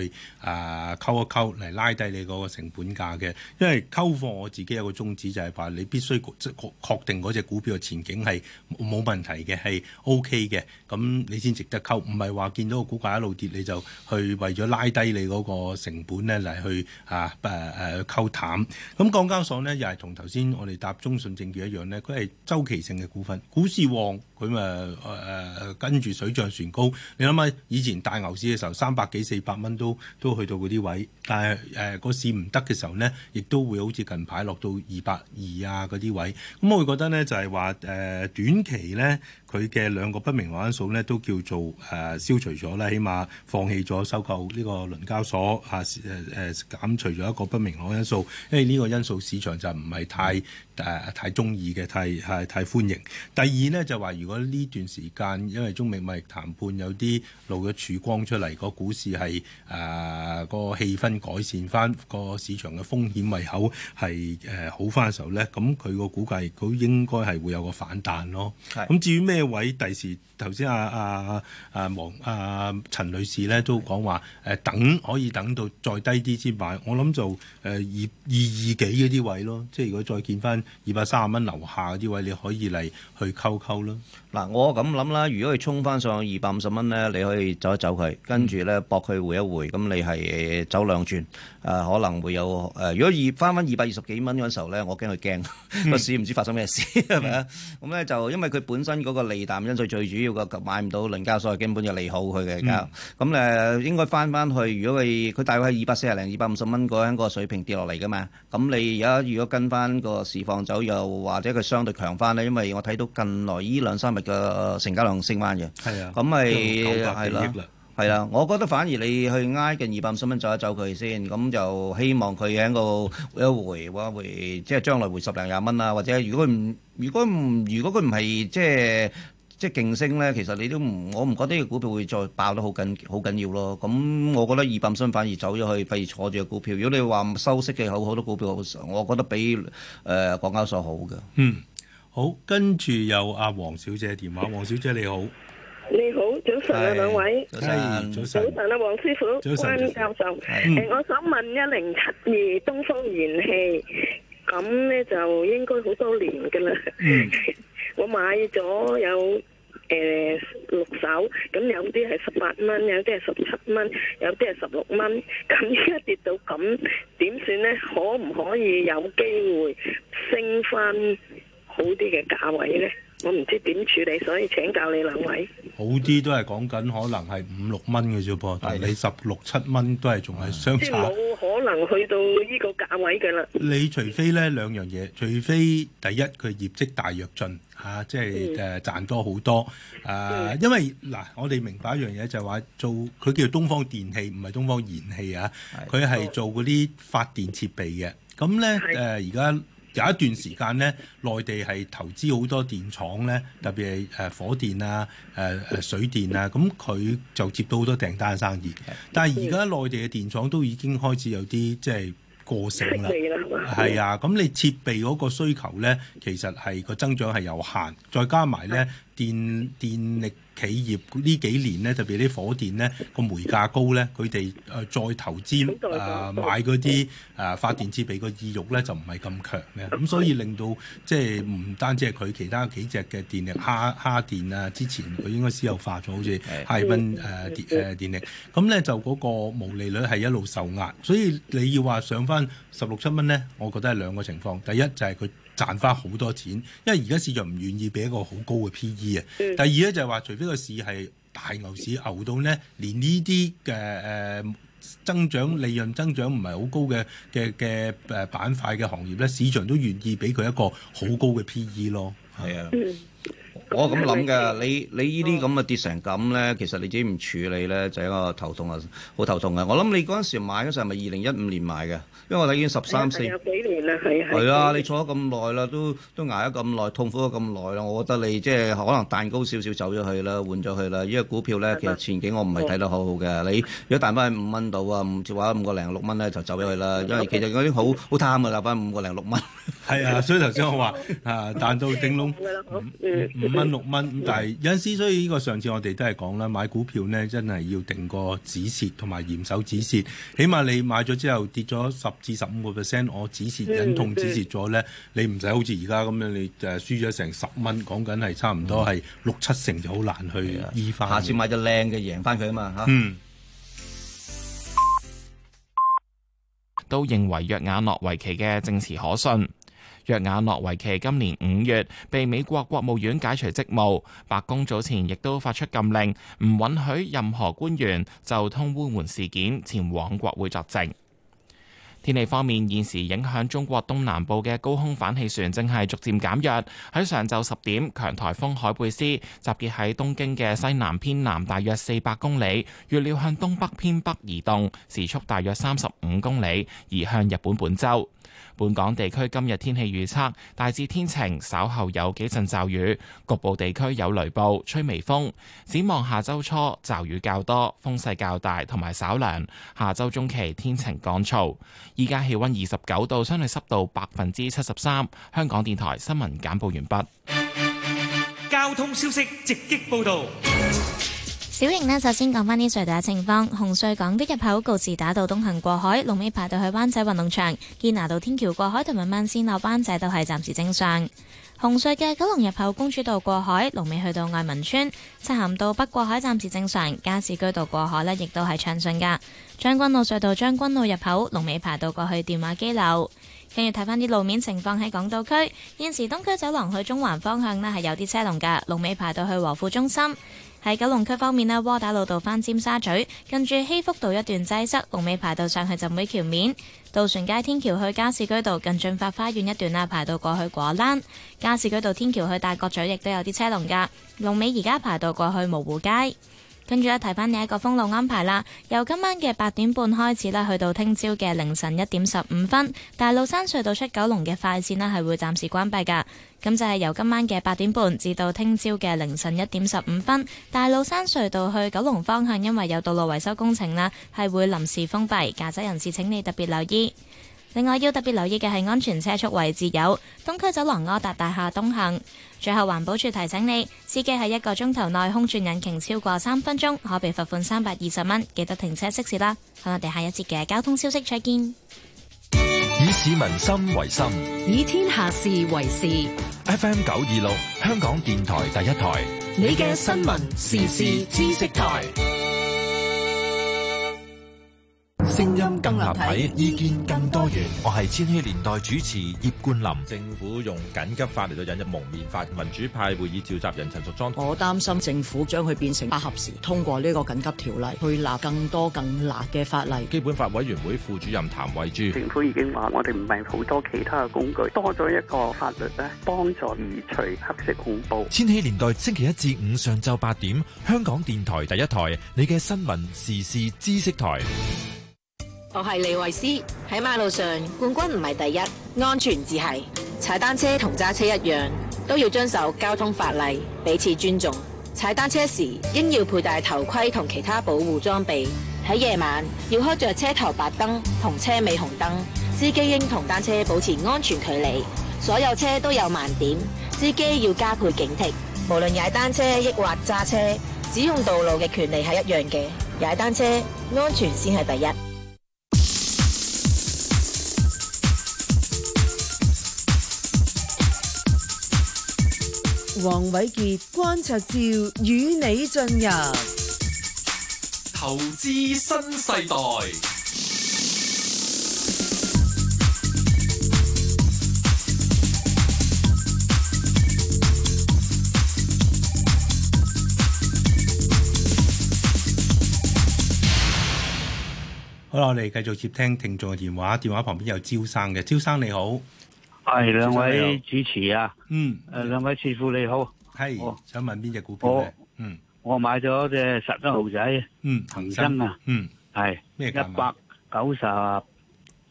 啊溝一溝嚟拉低你嗰個成本價嘅。因為溝貨，我自己有個宗旨就係話，你必須確定嗰隻股票嘅前景係冇問題嘅，係 O K 嘅，咁你先值得溝。唔係話見到個股價一路跌，你就去為咗拉低你嗰個成本咧嚟去啊誒誒、啊、溝淡。咁港交所呢又係同頭。頭先我哋答中信證券一樣咧，佢係周期性嘅股份，股市旺。咁啊誒跟住水漲船高，你諗下以前大牛市嘅時候，三百幾四百蚊都都去到嗰啲位，但係誒個市唔得嘅時候呢，亦都會好似近排落到二百二啊嗰啲位。咁、嗯、我會覺得呢，就係話誒短期呢，佢嘅兩個不明朗因素呢，都叫做誒、呃、消除咗咧，起碼放棄咗收購呢個倫交所啊誒誒減除咗一個不明朗因素，因為呢個因素市場就唔係太。誒太中意嘅，太係太，太歡迎。第二咧就話，如果呢段時間因為中美貿易談判有啲露咗曙光出嚟，個股市係誒、呃，個氣氛改善翻，個市場嘅風險胃口係誒、呃、好翻嘅時候咧，咁佢個估計佢應該係會有個反彈咯。咁是至於咩位第時？頭先阿啊啊啊王啊陳女士咧都講話誒等可以等到再低啲先買，我諗就誒、呃、二二二幾嗰啲位咯，即係如果再見翻二百三十蚊樓下嗰啲位，你可以嚟去溝溝啦。嗱，我咁諗啦，如果佢衝翻上二百五十蚊咧，你可以走一走佢，跟住咧駁佢回一回，咁你係走兩轉啊、呃，可能會有誒、呃。如果二翻翻二百二十幾蚊嗰時候咧，我驚佢驚個市唔知發生咩事係咪啊？咁咧就因為佢本身嗰個利淡因素最主要。個買唔到輪交所，根本就利好佢嘅。咁誒、嗯、應該翻翻去。如果佢佢大概喺二百四十零二百五十蚊嗰個水平跌落嚟嘅嘛。咁你而家如果跟翻個市況走，又或者佢相對強翻咧？因為我睇到近來依兩三日嘅成交量升翻嘅。係啊，咁咪係啦，係啦。啊啊嗯、我覺得反而你去挨近二百五十蚊走一走佢先，咁就希望佢喺度一回哇回，回，即係將來回十零廿蚊啊。或者如果唔如果唔如果佢唔係即係。即係勁升咧，其實你都唔，我唔覺得個股票會再爆得好緊好緊要咯。咁我覺得二百分反而走咗去，譬如坐住嘅股票。如果你話收息嘅好好多股票，我覺得比誒、呃、港交所好嘅。嗯，好，跟住有阿黃小姐電話。黃小姐你好，你好，你好早晨、啊。啊兩位，早晨，早晨啊黃師傅，早晨上。關教授，我想問一零七二東方元氣，咁咧就應該好多年嘅啦。嗯嗯我買咗有誒六手，咁有啲係十八蚊，有啲係十七蚊，有啲係十六蚊。咁而家跌到咁，點算呢？可唔可以有機會升翻好啲嘅價位呢？我唔知點處理，所以請教你兩位。好啲都係講緊可能係五六蚊嘅啫噃，但係你十六七蚊都係仲係相差。即係冇可能去到呢個價位嘅啦。你除非呢兩樣嘢，除非第一佢業績大躍進吓，即係誒賺多好多啊！因為嗱，我哋明白一樣嘢就係話做，佢叫東方電器，唔係東方燃氣啊，佢係做嗰啲發電設備嘅。咁呢，誒而家。呃有一段時間咧，內地係投資好多電廠咧，特別係誒火電啊、誒誒水電啊，咁佢就接到好多訂單嘅生意。但係而家內地嘅電廠都已經開始有啲即係過剩啦。係啊的，咁你設備嗰個需求咧，其實係個增長係有限，再加埋咧的電電力。企業呢幾年咧，特別啲火電咧，個煤價高咧，佢哋誒再投資誒、呃、買嗰啲誒發電設備個意欲咧就唔係咁強嘅。咁、嗯、所以令到即係唔單止係佢，其他幾隻嘅電力哈哈電啊，之前佢應該私有化咗，好似哈爾濱誒誒電力，咁、嗯、咧就嗰個毛利率係一路受壓，所以你要話上翻十六七蚊咧，我覺得係兩個情況，第一就係佢賺翻好多錢，因為而家市場唔願意俾一個好高嘅 PE 啊。第二咧就係話，除非個市係大牛市，牛到咧連呢啲嘅誒增長、利潤增長唔係好高嘅嘅嘅誒板塊嘅行業咧，市場都願意俾佢一個好高嘅 PE 咯。係啊的。我咁諗嘅，你你依啲咁啊跌成咁咧，其實你自己唔處理咧，就係個頭痛啊，好頭痛嘅。我諗你嗰陣時買嗰陣係咪二零一五年買嘅？因為我睇見十三四。係啊，哎呀幾年啦，係係。係啦，你坐咗咁耐啦，都都挨咗咁耐，痛苦咗咁耐啦。我覺得你即係可能彈高少少走咗去啦，換咗去啦。因為股票咧，其實前景我唔係睇得好好嘅。你如果彈翻去五蚊度啊，唔至話五個零六蚊咧，就走咗去啦。因為其實嗰啲好好貪啊，彈翻五個零六蚊。係 <laughs> 啊，所以頭先我話 <laughs> 啊，彈到頂窿。 <laughs> 五蚊六蚊，但係有陣時，所以呢個上次我哋都係講啦，買股票呢真係要定個止蝕同埋嚴守止蝕，起碼你買咗之後跌咗十至十五個 percent，我止蝕忍痛止蝕咗呢。你唔使好似而家咁樣，你誒輸咗成十蚊，講緊係差唔多係六七成，就好難去醫、嗯、下次買隻靚嘅贏翻佢啊嘛吓。都認為約雅諾維奇嘅證詞可信。約雅諾維奇今年五月被美國國務院解除職務，白宮早前亦都發出禁令，唔允許任何官員就通烏門事件前往國會作證。天氣方面，現時影響中國東南部嘅高空反氣旋正係逐漸減弱。喺上晝十點，強台風海貝斯集結喺東京嘅西南偏南大約四百公里，預料向東北偏北移動，時速大約三十五公里，移向日本本州。本港地區今日天氣預測大致天晴，稍後有幾陣驟雨，局部地區有雷暴，吹微風。展望下周初驟雨較多，風勢較大，同埋稍涼。下周中期天晴乾燥。依家氣溫二十九度，相對濕度百分之七十三。香港電台新聞簡報完畢。交通消息直擊報道。小瑩呢，首先講返啲隧道嘅情況。紅隧港島入口告士打道東行過海，龍尾排到去灣仔運動場；堅拿道天橋過海同埋慢綫落灣仔都係暫時正常。紅隧嘅九龍入口公主道過海，龍尾去到愛民邨，漆咸道北過海暫時正常。加士居道過海呢亦都係暢順噶。將軍路隧道將軍路入口龍尾排到過去電話機樓，跟住睇返啲路面情況喺港島區現時東區走廊去中環方向呢係有啲車龍噶，龍尾排到去和富中心。喺九龍區方面呢，窩打老道返尖沙咀近住禧福道一段擠塞，龍尾排到上去浸會橋面；渡船街天橋去加士居道近駿發花園一段啊，排到過去果欄；加士居道天橋去大角咀亦都有啲車龍噶，龍尾而家排到過去蕪湖街。跟住咧，提翻你一個封路安排啦。由今晚嘅八點半開始咧，去到聽朝嘅凌晨一點十五分，大老山隧道出九龍嘅快線呢係會暫時關閉噶。咁就係由今晚嘅八點半至到聽朝嘅凌晨一點十五分，大老山隧道去九龍方向，因為有道路維修工程啦，係會臨時封閉，駕駛人士請你特別留意。另外要特別留意嘅係安全車速位置，有東區走廊柯達大廈東行。最後環保署提醒你，司機喺一個鐘頭內空轉引擎超過三分鐘，可被罰款三百二十蚊，記得停車熄匙啦！好，我哋下一節嘅交通消息再見。以市民心為心，以天下事為事。FM 九二六，香港電台第一台，你嘅新聞時事知識台。聲音更立體，意見更多元。我係千禧年代主持葉冠霖。政府用緊急法嚟到引入蒙面法，民主派會議召集人陳淑莊。我擔心政府將佢變成百合匙通過呢個緊急條例，去立更多更辣嘅法例。基本法委員會副主任譚慧珠，政府已經話我哋唔係好多其他嘅工具，多咗一個法律咧，幫助移除黑色恐怖。千禧年代星期一至五上晝八點，香港電台第一台，你嘅新聞時事知識台。我係李慧詩，喺馬路上冠軍唔係第一，安全至係。踩單車同揸車一樣，都要遵守交通法例，彼此尊重。踩單車時應要佩戴頭盔同其他保護裝備。喺夜晚要開着車頭白燈同車尾紅燈。司機應同單車保持安全距離。所有車都有盲點，司機要加倍警惕。無論踩單車抑或揸車，使用道路嘅權利係一樣嘅。踩單車安全先係第一。黃瑋傑、關焯照與你進入投資新世代。好啦，我哋繼續接聽聽眾嘅電話，電話旁邊有招生嘅，招生你好。係兩位主持啊，嗯，誒，兩位師傅你好，係，想問邊隻股票，嗯，我買咗隻十一號仔，嗯，恒生啊，嗯，係，咩一百九十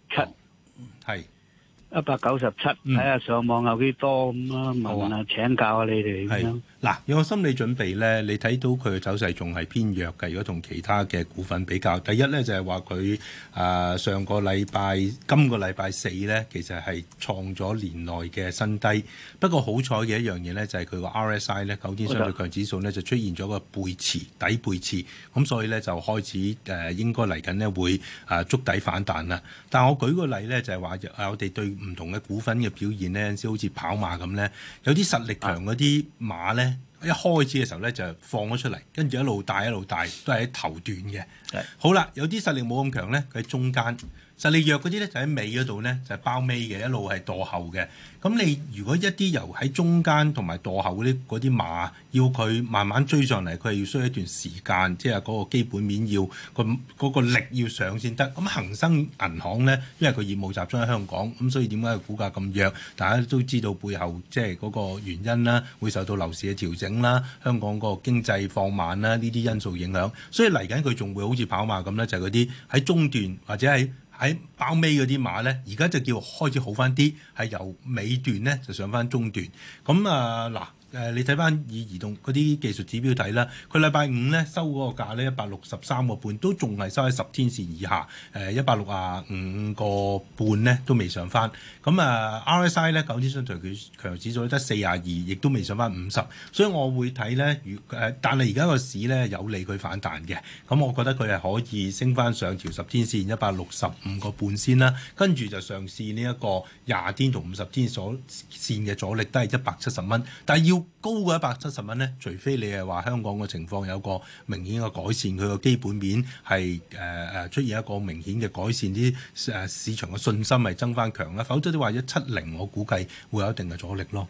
七，係，一百九十七，睇下上網有幾多咁啊？問下，請教下你哋嗱有個心理準備咧，你睇到佢嘅走勢仲係偏弱嘅。如果同其他嘅股份比較，第一咧就係話佢誒上個禮拜、今個禮拜四咧，其實係創咗年內嘅新低。不過好彩嘅一樣嘢咧，就係、是、佢個 RSI 咧，九天相對強指數咧就出現咗個背馳底背馳，咁、嗯、所以咧就開始誒、呃、應該嚟緊咧會啊築、呃、底反彈啦。但係我舉個例咧就係話，我哋對唔同嘅股份嘅表現咧，好似跑馬咁咧，有啲實力強嗰啲馬咧。啊一開始嘅時候咧，就放咗出嚟，跟住一路帶一路帶，都係喺頭段嘅。是的 好啦，有啲實力冇咁強咧，佢喺中間。實力弱嗰啲咧就喺尾嗰度咧，就尾呢、就係、包尾嘅，一路係墮後嘅。咁你如果一啲由喺中間同埋墮後嗰啲啲馬，要佢慢慢追上嚟，佢係要需要一段時間，即係嗰個基本面要、嗰個嗰力要上先得。咁恒生銀行咧，因為佢業務集中喺香港，咁所以點解佢股價咁弱？大家都知道背後即係嗰個原因啦，會受到樓市嘅調整啦，香港個經濟放慢啦呢啲因素影響，所以嚟緊佢仲會好似跑馬咁咧，就係嗰啲喺中段或者喺喺包尾嗰啲馬咧，而家就叫開始好返啲，係由尾段咧就上返中段。咁、嗯、啊嗱。誒、呃，你睇翻以移動嗰啲技術指標睇啦，佢禮拜五咧收嗰個價咧一百六十三個半，5，都仲係收喺十天線以下，誒一百六十五個半咧都未上翻。咁啊，RSI 咧九天線就佢強止咗得四廿二，亦都未上翻五十。所以我會睇咧，如誒、呃，但係而家個市咧有利佢反彈嘅。咁、嗯、我覺得佢係可以升翻上條十天線一百六十五個半先啦，跟住就上試呢一個廿天同五十天所線嘅阻力都係一百七十蚊，但係要。高過一百七十蚊咧，除非你係話香港個情況有個明顯嘅改善，佢個基本面係誒誒出現一個明顯嘅改善，啲誒市場嘅信心係增翻強啦。否則你話一七零，我估計會有一定嘅阻力咯。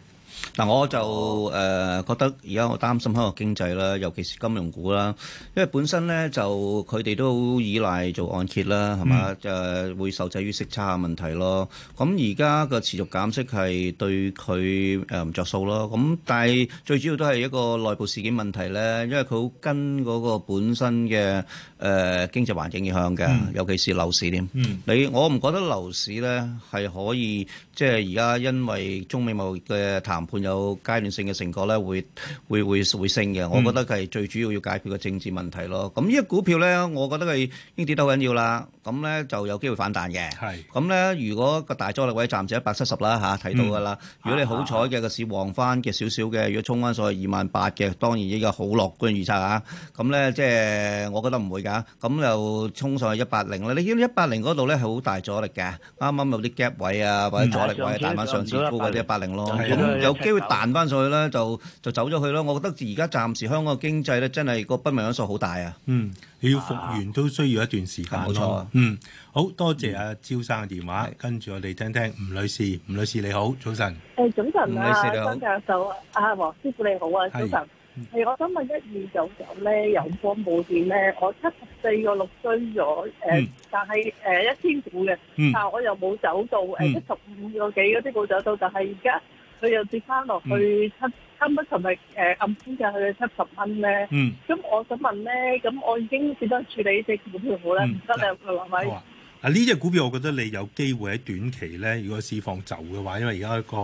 嗱，我就誒、呃、覺得而家我擔心香港經濟啦，尤其是金融股啦，因為本身咧就佢哋都好依賴做按揭啦，係嘛誒會受制於息差嘅問題咯。咁而家嘅持續減息係對佢誒唔着數咯。咁但係最主要都係一個內部事件問題咧，因為佢好跟嗰個本身嘅誒、呃、經濟環境影響嘅，嗯、尤其是樓市添。嗯、你我唔覺得樓市咧係可以。即係而家因為中美貿易嘅談判有階段性嘅成果咧，會會會會升嘅。我覺得佢係最主要要解決嘅政治問題咯。咁呢個股票咧，我覺得佢已經跌得好緊要啦。咁咧就有機會反彈嘅。係。咁咧，如果個大阻力位暫時喺一百七十啦嚇，睇到㗎啦。如果你好彩嘅個市旺翻嘅少少嘅，如果衝翻上去二萬八嘅，當然依個好樂觀預測啊。咁咧即係我覺得唔會㗎。咁又衝上去一百零啦。你見一百零嗰度咧係好大阻力嘅。啱啱有啲 gap 位啊，或者阻。或者彈翻上次高或者一百零咯，咁有機會彈翻上去咧，就就走咗去咯。我覺得而家暫時香港嘅經濟咧，真係個不明因素好大啊。嗯，你要復原都需要一段時間。冇錯。嗯，好多謝阿招生嘅電話，跟住我哋聽聽吳女士。吳女士你好，早晨。誒，早晨啊，關教授，阿黃師傅你好啊，早晨。係，嗯、我想問一二九九咧有貨冇跌咧？我七十四個六追咗，誒、呃，但係誒、呃、一千股嘅，嗯、但係我又冇走到誒七十五個幾嗰啲冇走到，但係而家佢又跌翻落去七，差唔多尋日誒暗啲嘅去到七十蚊咧。咁、嗯、我想問咧，咁我已經點樣處理呢隻股票好咧？唔得你，阿林偉。啊！呢隻股票，我覺得你有機會喺短期咧，如果市況走嘅話，因為而家一個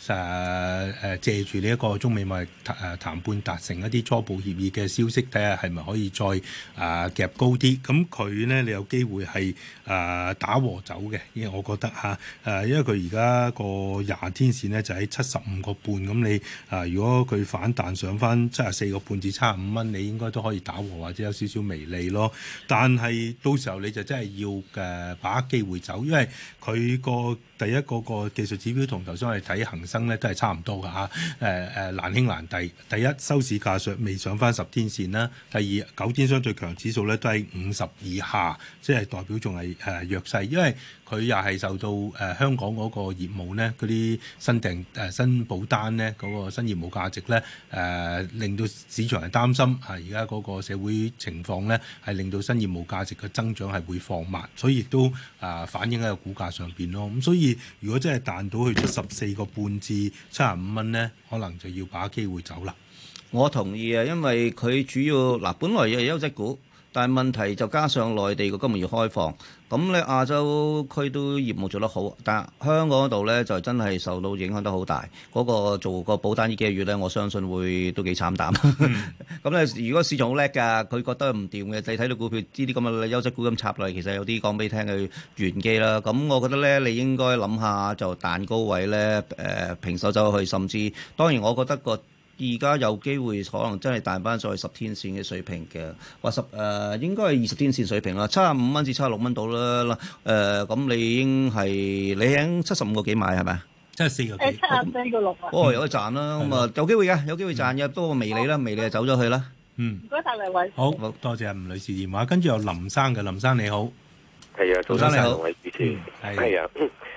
誒誒借住呢一個中美貿易誒談判達成一啲初步協議嘅消息，睇下係咪可以再誒夾、啊、高啲。咁佢咧，你有機會係誒、啊、打和走嘅，因為我覺得嚇誒、啊，因為佢而家個廿天線咧就喺七十五個半，咁你啊，如果佢反彈上返七十四個半至七十五蚊，你應該都可以打和或者有少少微利咯。但係到時候你就真係要嘅。誒把握機會走，因為佢個第一個個技術指標，同頭先我哋睇恒生咧都係差唔多嘅嚇。誒誒難兄難弟，第一，收市價上未上翻十天線啦，第二九天相對強指數咧都喺五十以下，即係代表仲係誒弱勢，因為。佢又係受到誒、呃、香港嗰個業務咧，嗰啲新訂誒、呃、新保單呢，嗰、那個新業務價值呢，誒、呃，令到市場係擔心啊！而家嗰個社會情況呢，係令到新業務價值嘅增長係會放慢，所以亦都啊、呃、反映喺個股價上邊咯。咁所以如果真係彈到去七十四個半至七十五蚊呢，可能就要把握機會走啦。我同意啊，因為佢主要嗱、呃，本來又係優質股。但係問題就加上內地個金融要開放，咁咧亞洲區都業務做得好，但香港嗰度咧就真係受到影響得好大。嗰、那個做個保單呢幾個月咧，我相信會都幾慘淡。咁咧、嗯， <laughs> 如果市場好叻㗎，佢覺得唔掂嘅，你睇到股票呢啲咁嘅優質股咁插落嚟，其實有啲講俾你聽佢玄機啦。咁我覺得咧，你應該諗下就彈高位咧，誒、呃、平手走去，甚至當然我覺得個。而家有機會可能真係大翻再十天線嘅水平嘅，或十誒應該係二十天線水平啦，七十五蚊至七十六蚊到啦。誒咁你已經係你喺七十五個幾買係咪啊？七十四個幾？誒七十四個六啊！哦，有得賺啦！咁啊有機會嘅，有機會賺嘅，不過未嚟啦，未嚟就走咗去啦。嗯。唔該晒，兩位。好多謝吳女士電話，跟住有林生嘅，林生你好。係啊，早生你好。係啊。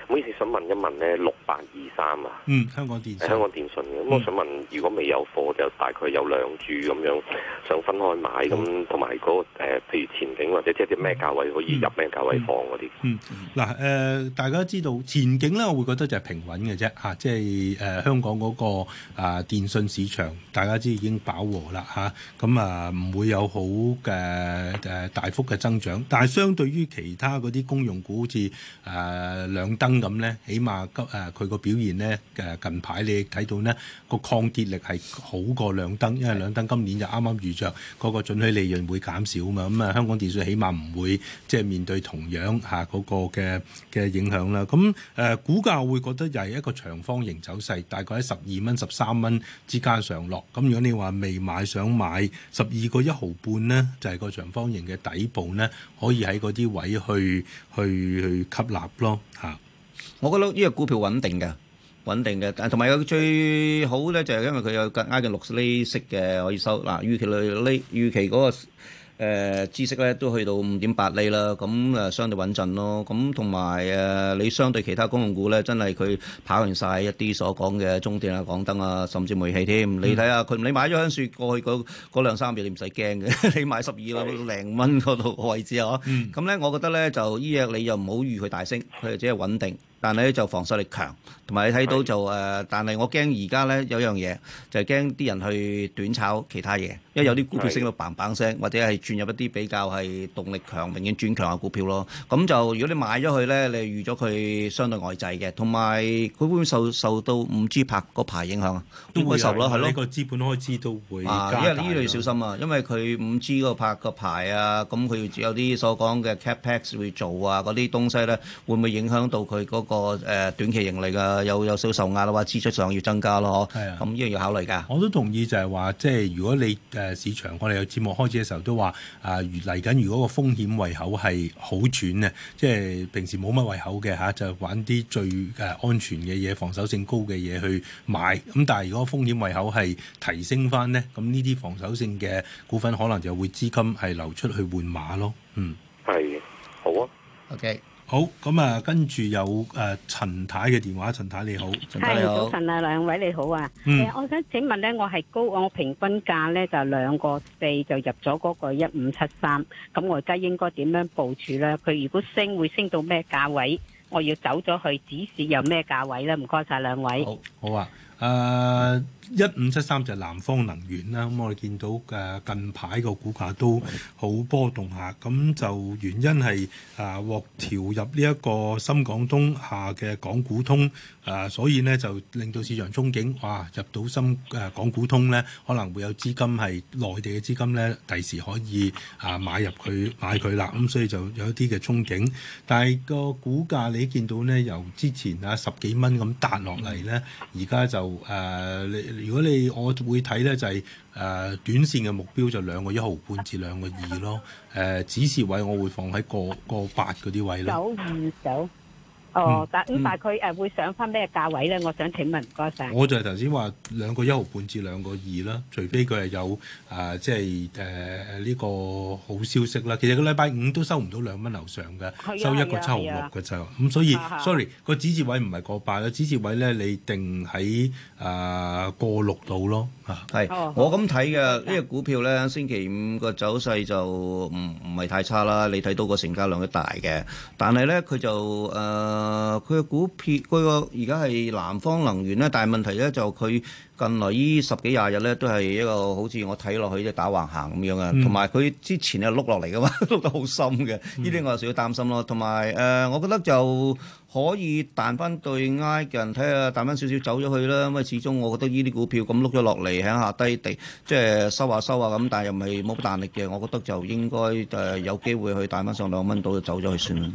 唔好意思，想問一問咧，六八二三啊，嗯，香港電信香港電信咁，我、嗯、想問，如果未有貨，就大概有兩注咁樣，想分開買咁，同埋嗰個、呃、譬如前景或者即係啲咩價位可以入咩價位放嗰啲、嗯？嗯，嗱、嗯、誒、呃，大家知道前景咧，我會覺得就係平穩嘅啫嚇，即係誒、呃、香港嗰、那個啊、呃、電信市場，大家知已經飽和啦嚇，咁啊唔、呃、會有好嘅誒大幅嘅增長，但係相對於其他嗰啲公用股，好似誒兩燈。咁咧，起碼今誒佢個表現咧誒近排你睇到咧個抗跌力係好過兩燈，因為兩燈今年就啱啱預着嗰個準許利潤會減少嘛，咁啊香港電訊起碼唔會即係面對同樣嚇嗰個嘅嘅影響啦。咁誒、啊、股價會覺得又係一個長方形走勢，大概喺十二蚊、十三蚊之間上落。咁如果你話未買想買十二個一毫半咧，就係、是、個長方形嘅底部咧，可以喺嗰啲位去去去吸納咯嚇。我覺得呢個股票穩定嘅，穩定嘅，但同埋佢最好咧，就係、是、因為佢有更加嘅六厘息嘅可以收嗱，預期內呢，預期嗰、那個。誒、呃、知識咧都去到五點八厘啦，咁誒、啊、相對穩陣咯。咁同埋誒你相對其他公共股咧，真係佢跑完晒一啲所講嘅中電啊、港燈啊，甚至煤氣添。嗯、你睇下佢，你買咗一箱樹過去個嗰兩三個月，你唔使驚嘅。 <laughs> 你買十二粒零蚊嗰度位置啊，咁咧、嗯嗯、我覺得咧就依樣你又唔好預佢大升，佢就只係穩定。但係咧就防守力強，同埋你睇到就誒的、呃，但係我驚而家咧有樣嘢，就係驚啲人去短炒其他嘢，因為有啲股票升到嘭嘭聲，的或者係轉入一啲比較係動力強、明顯轉強嘅股票咯。咁就如果你買咗佢咧，你預咗佢相對外滯嘅，同埋佢會唔會受受到五 G 拍個牌影響啊？都會受咯，係咯。呢個資本開支都會、啊、因為呢度要小心啊，因為佢五 G 個拍個牌啊，咁、嗯、佢有啲所講嘅 capex 會做啊，嗰啲東西咧會唔會影響到佢嗰、那個？個誒短期盈利噶，有有銷售額啦，話支出上要增加咯，嗬。係啊，咁一樣要考慮噶。我都同意，就係話，即係如果你誒市場，我哋有節目開始嘅時候都話，啊嚟緊如果個風險胃口係好轉啊，即係平時冇乜胃口嘅，吓，就玩啲最誒安全嘅嘢、防守性高嘅嘢去買。咁但係如果風險胃口係提升翻呢，咁呢啲防守性嘅股份可能就會資金係流出去換馬咯。嗯，係，好啊。OK。好，咁啊，跟住有誒陳太嘅電話。陳太你好，陳太早晨啊，兩位你好啊，嗯、我想請問呢，我係高，我平均價呢就兩個四就入咗嗰個一五七三，咁我而家應該點樣部署呢？佢如果升會升到咩價位？我要走咗去止蝕又咩價位咧？唔該晒，兩位。好，好啊，誒、呃。一五七三就南方能源啦，咁我哋見到誒近排個股價都好波動下，咁就原因係啊獲調入呢一個深港通下嘅港股通。啊，所以咧就令到市場憧憬，哇！入到深誒港股通咧，可能會有資金係內地嘅資金咧，第時可以啊買入去買佢啦。咁、啊、所以就有一啲嘅憧憬，但係個股價你見到咧，由之前啊十幾蚊咁彈落嚟咧，而家就誒、啊，如果你我會睇咧就係、是、誒、啊、短線嘅目標就兩個一毫半至兩個二咯、啊。誒指示位我會放喺個個八嗰啲位咯。九二九。哦，oh, 嗯嗯、但咁但係佢誒會上翻咩價位咧？我想請問，唔該晒。我就係頭先話兩個一毫半至兩個二啦，除非佢係有誒、呃、即係誒呢個好消息啦。其實個禮拜五都收唔到兩蚊樓上嘅，呀收一個七毫六嘅咋咁。的呀所以呀，sorry，個止跌位唔係個八啦，止跌位咧你定喺。誒、呃、過六度咯嚇，係是、哦、我咁睇嘅呢個股票咧，星期五個走勢就唔唔係太差啦。你睇到個成交量都大嘅，但係咧佢就誒。呃佢個股票，佢個而家係南方能源咧，但係問題咧就佢近來依十幾廿日咧都係一個好似我睇落去即係打橫行咁樣嘅，同埋佢之前係碌落嚟嘅嘛，碌得好深嘅，呢啲我有少少擔心咯。同埋誒，我覺得就可以彈翻對挨嘅人睇下，看看彈翻少少走咗去啦。因為始終我覺得呢啲股票咁碌咗落嚟喺下低地，即係收下收下咁，但係又唔係冇彈力嘅，我覺得就應該誒、呃、有機會去彈翻上兩蚊到就走咗去算啦。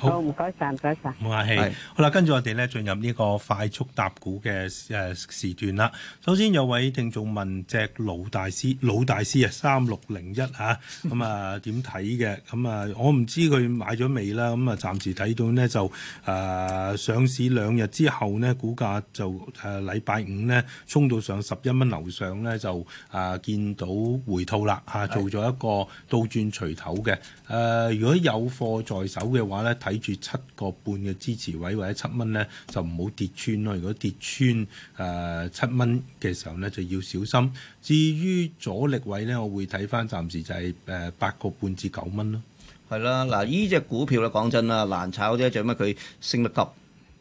好唔該晒。唔該晒，唔好客氣。是好啦，跟住我哋咧進入呢個快速答股嘅誒時段啦。首先有位聽眾問只老大師，老大師1，啊，三六零一嚇咁啊點睇嘅？咁啊，嗯、我唔知佢買咗未啦。咁啊，暫時睇到呢，就誒、啊、上市兩日之後呢，股價就誒禮拜五呢，衝到上十一蚊樓上呢，就啊見到回吐啦嚇，做咗一個倒轉錘頭嘅。誒、啊，如果有貨在手嘅話咧，睇住七個半嘅支持位或者七蚊咧，就唔好跌穿咯。如果跌穿誒、呃、七蚊嘅時候咧，就要小心。至於阻力位咧，我會睇返暫時就係誒八個半至九蚊咯。係啦，嗱，呢隻股票咧，講真啦，難炒啲，就因為佢升得急。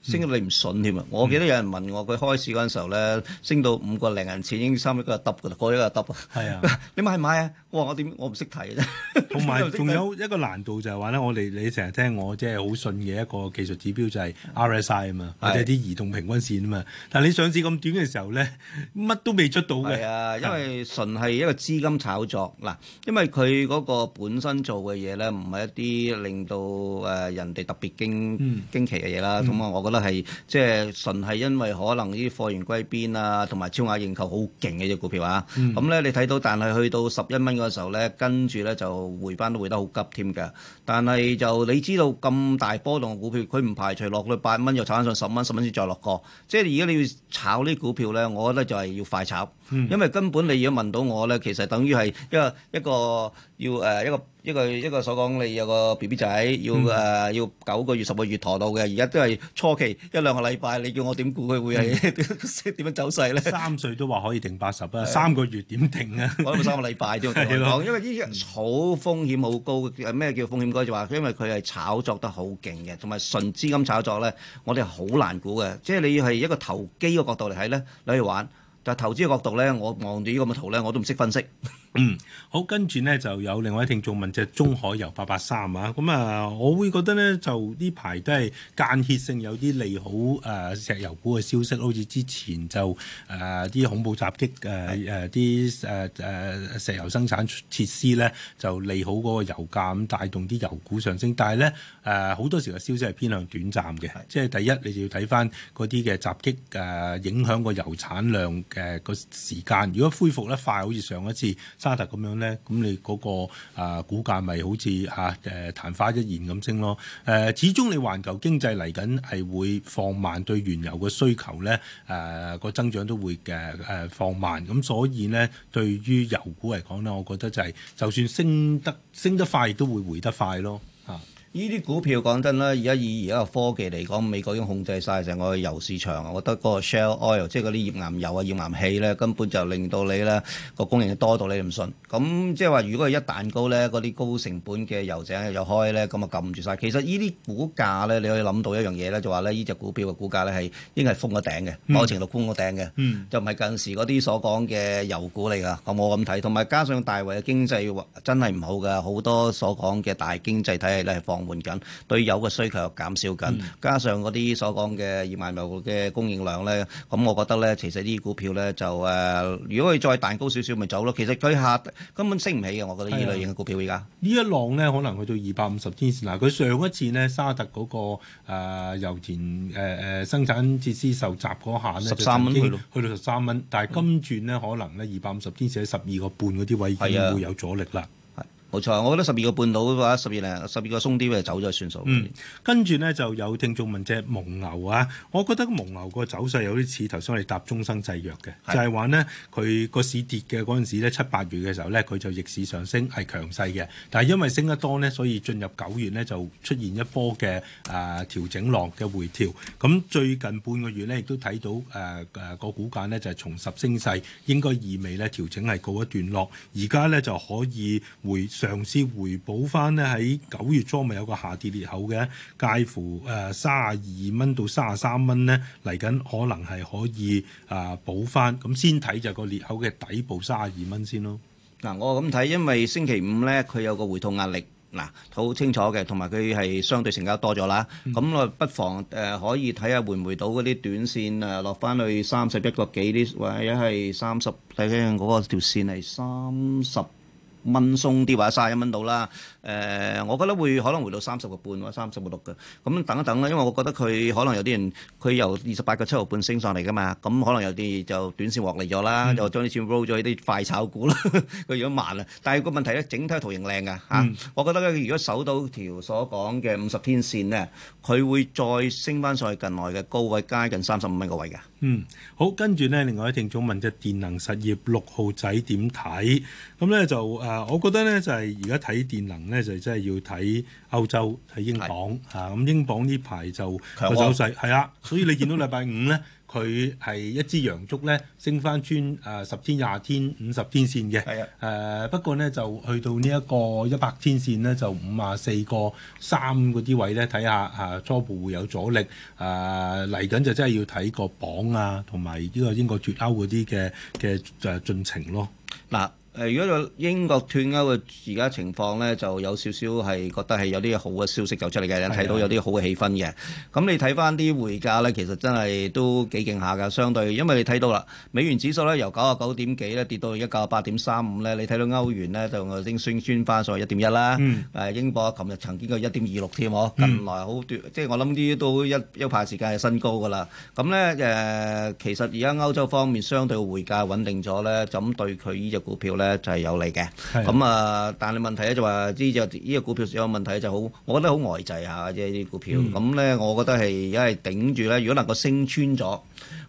升到你唔信添啊！嗯、我記得有人問我，佢開始嗰陣時候咧，升到五個零銀錢，三日佢得耷噶啦，過咗又耷啊！係啊！你買唔買啊？我話我點，我唔識睇啊！同埋仲有一個難度就係話咧，我哋你成日聽我即係好信嘅一個技術指標就係 RSI 啊嘛，是或者啲移動平均線啊嘛。但係你上市咁短嘅時候咧，乜都未出到嘅。係啊，是因為純係一個資金炒作嗱，因為佢嗰個本身做嘅嘢咧，唔係一啲令到誒人哋特別驚驚奇嘅嘢啦。咁啊、嗯，我。係即係純係因為可能呢啲貨源歸邊啊，同埋超額認購好勁嘅隻股票啊！咁咧、嗯嗯、你睇到，但係去到十一蚊嗰時候咧，跟住咧就回翻都回得好急添嘅。但係就你知道咁大波動嘅股票，佢唔排除落去八蚊又炒上十蚊，十蚊先再落個。即係而家你要炒呢股票咧，我覺得就係要快炒。因為根本你如果問到我咧，其實等於係一個一個要誒、呃、一個一個一個所講，你有個 B B 仔要誒、嗯呃、要九個月十個月陀到嘅，而家都係初期一兩個禮拜，你叫我點估佢會係點點樣走勢咧？三歲都話可以定八十啊！是三個月點定啊？講三個禮拜啫嘛，因為呢樣好風險好高，咩叫風險高就話，因為佢係炒作得好勁嘅，同埋純資金炒作咧，我哋好難估嘅。即係你要係一個投機嘅角度嚟睇咧，你去玩。但投資嘅角度咧，我望住呢個圖咧，我都唔識分析。嗯，好，跟住呢，就有另外一位聽眾問，就係中海油八八三啊，咁啊，我會覺得咧就呢排都係間歇性有啲利好誒、呃、石油股嘅消息，好似之前就誒啲、呃、恐怖襲擊誒誒啲誒誒石油生產設施咧，就利好嗰個油價咁，帶動啲油股上升。但係咧誒好多時嘅消息係偏向短暫嘅，的即係第一你就要睇翻嗰啲嘅襲擊誒、呃、影響個油產量。誒個時間，如果恢復得快，好似上一次沙特咁樣咧，咁你嗰、那個啊、呃、股價咪好似啊誒曇、呃、花一現咁升咯。誒、呃，始終你環球經濟嚟緊係會放慢對原油嘅需求咧，誒、呃那個增長都會嘅誒、呃、放慢。咁所以咧，對於油股嚟講咧，我覺得就係就算升得升得快，亦都會回得快咯。呢啲股票講真啦，而家以而家個科技嚟講，美國已經控制晒成個油市場啊！我覺得嗰個 shell oil，即係嗰啲頁岩油啊、頁岩氣咧，根本就令到你咧個供應多到你唔信。咁即係話，如果係一彈高咧，嗰啲高成本嘅油井又開咧，咁啊撳住晒。其實呢啲股價咧，你可以諗到一樣嘢咧，就話咧呢隻股票嘅股價咧係應該係封個頂嘅，某、嗯、程度封個頂嘅，嗯、就唔係近時嗰啲所講嘅油股嚟噶。咁我咁睇，同埋加上大圍嘅經濟真係唔好噶，好多所講嘅大經濟體系咧係放緩緊，對油嘅需求又減少緊，嗯、加上嗰啲所講嘅液化物嘅供應量咧，咁我覺得咧、呃，其實啲股票咧就誒，如果佢再彈高少少，咪走咯。其實佢下根本升唔起嘅，我覺得呢類型嘅股票而家呢一浪咧，可能去到二百五十天線。嗱，佢上一次咧，沙特嗰、嗰個、呃、油田誒誒、呃、生產設施受襲嗰下呢，十三蚊去到十三蚊，嗯、但係今轉咧，可能咧二百五十天線十二個半嗰啲位已經會有阻力啦。啊。冇錯，我覺得十二個半到嘅話，十二十二個鬆啲嘅走咗算數。嗯，跟住咧就有聽眾問隻蒙牛啊，我覺得蒙牛個走勢有啲似頭先我哋答中生製藥嘅，是就係話呢，佢個市跌嘅嗰陣時咧，七八月嘅時候咧，佢就逆市上升係強勢嘅，但係因為升得多呢，所以進入九月呢，就出現一波嘅誒調整浪嘅回調。咁、嗯、最近半個月呢，亦都睇到誒誒、啊、個股價呢，就係、是、重拾升勢，應該意味咧調整係告一段落，而家呢，就可以回。嘗試回補翻呢，喺九月初咪有個下跌裂口嘅，介乎誒三十二蚊到三十三蚊呢。嚟緊可能係可以啊、呃、補翻，咁先睇就個裂口嘅底部三十二蚊先咯。嗱、嗯，我咁睇，因為星期五咧佢有個回吐壓力，嗱好清楚嘅，同埋佢係相對成交多咗啦。咁、嗯、我不妨誒、呃、可以睇下回唔回到嗰啲短線啊落翻去三十一個幾啲，或者一係三十，睇睇嗰個條線係三十蚊鬆啲或者卅一蚊度啦，誒，我覺得會可能回到三十個半或者三十個六嘅，咁等一等啦，因為我覺得佢可能有啲人佢由二十八個七毫半升上嚟嘅嘛，咁可能有啲就短線獲利咗啦，就將啲錢 roll 咗啲快炒股啦，佢如果慢啦，但係個問題咧，整體圖形靚嘅嚇，我覺得咧，如果守到條所講嘅五十天線呢，佢會再升翻上去近來嘅高位，加近三十五蚊個位嘅。嗯，好，跟住呢，另外一位聽眾問隻電能實業六號仔點睇？咁咧就誒。啊我覺得咧就係而家睇電能咧就真、是、係要睇歐洲，睇英鎊嚇，咁的、啊、英鎊呢排就走勢係啦強、哦， <laughs> 所以你見到禮拜五咧佢係一支陽燭咧升翻穿誒十天廿天五十天線嘅誒的、啊，不過咧就去到呢一個一百天線咧就五啊四個三嗰啲位咧，睇下誒初步會有阻力，誒嚟緊就真係要睇個榜啊同埋呢個英國脫歐嗰啲嘅嘅誒進程咯嗱。那誒，如果有英國脫歐嘅而家情況咧，就有少少係覺得係有啲好嘅消息就出嚟嘅，睇到有啲好嘅氣氛嘅。咁你睇翻啲匯價咧，其實真係都幾勁下㗎。相對，因為你睇到啦，美元指數咧由九十九點幾咧跌到去九十八點三五咧，你睇到歐元咧就已經升穿翻上一點一啦。嗯。誒，英鎊琴日曾經嘅一點二六添喎，近來好短，即係我諗呢都一一排時間係新高㗎啦。咁咧誒，其實而家歐洲方面相對匯價穩定咗咧，就咁對佢呢隻股票。咧就係有利嘅，咁啊的，嗯嗯、但係問題咧就話呢隻呢隻股票上有問題，就好、是，我覺得好呆滯嚇，即係呢啲股票。咁咧、嗯，我覺得係因為頂住咧，如果能夠升穿咗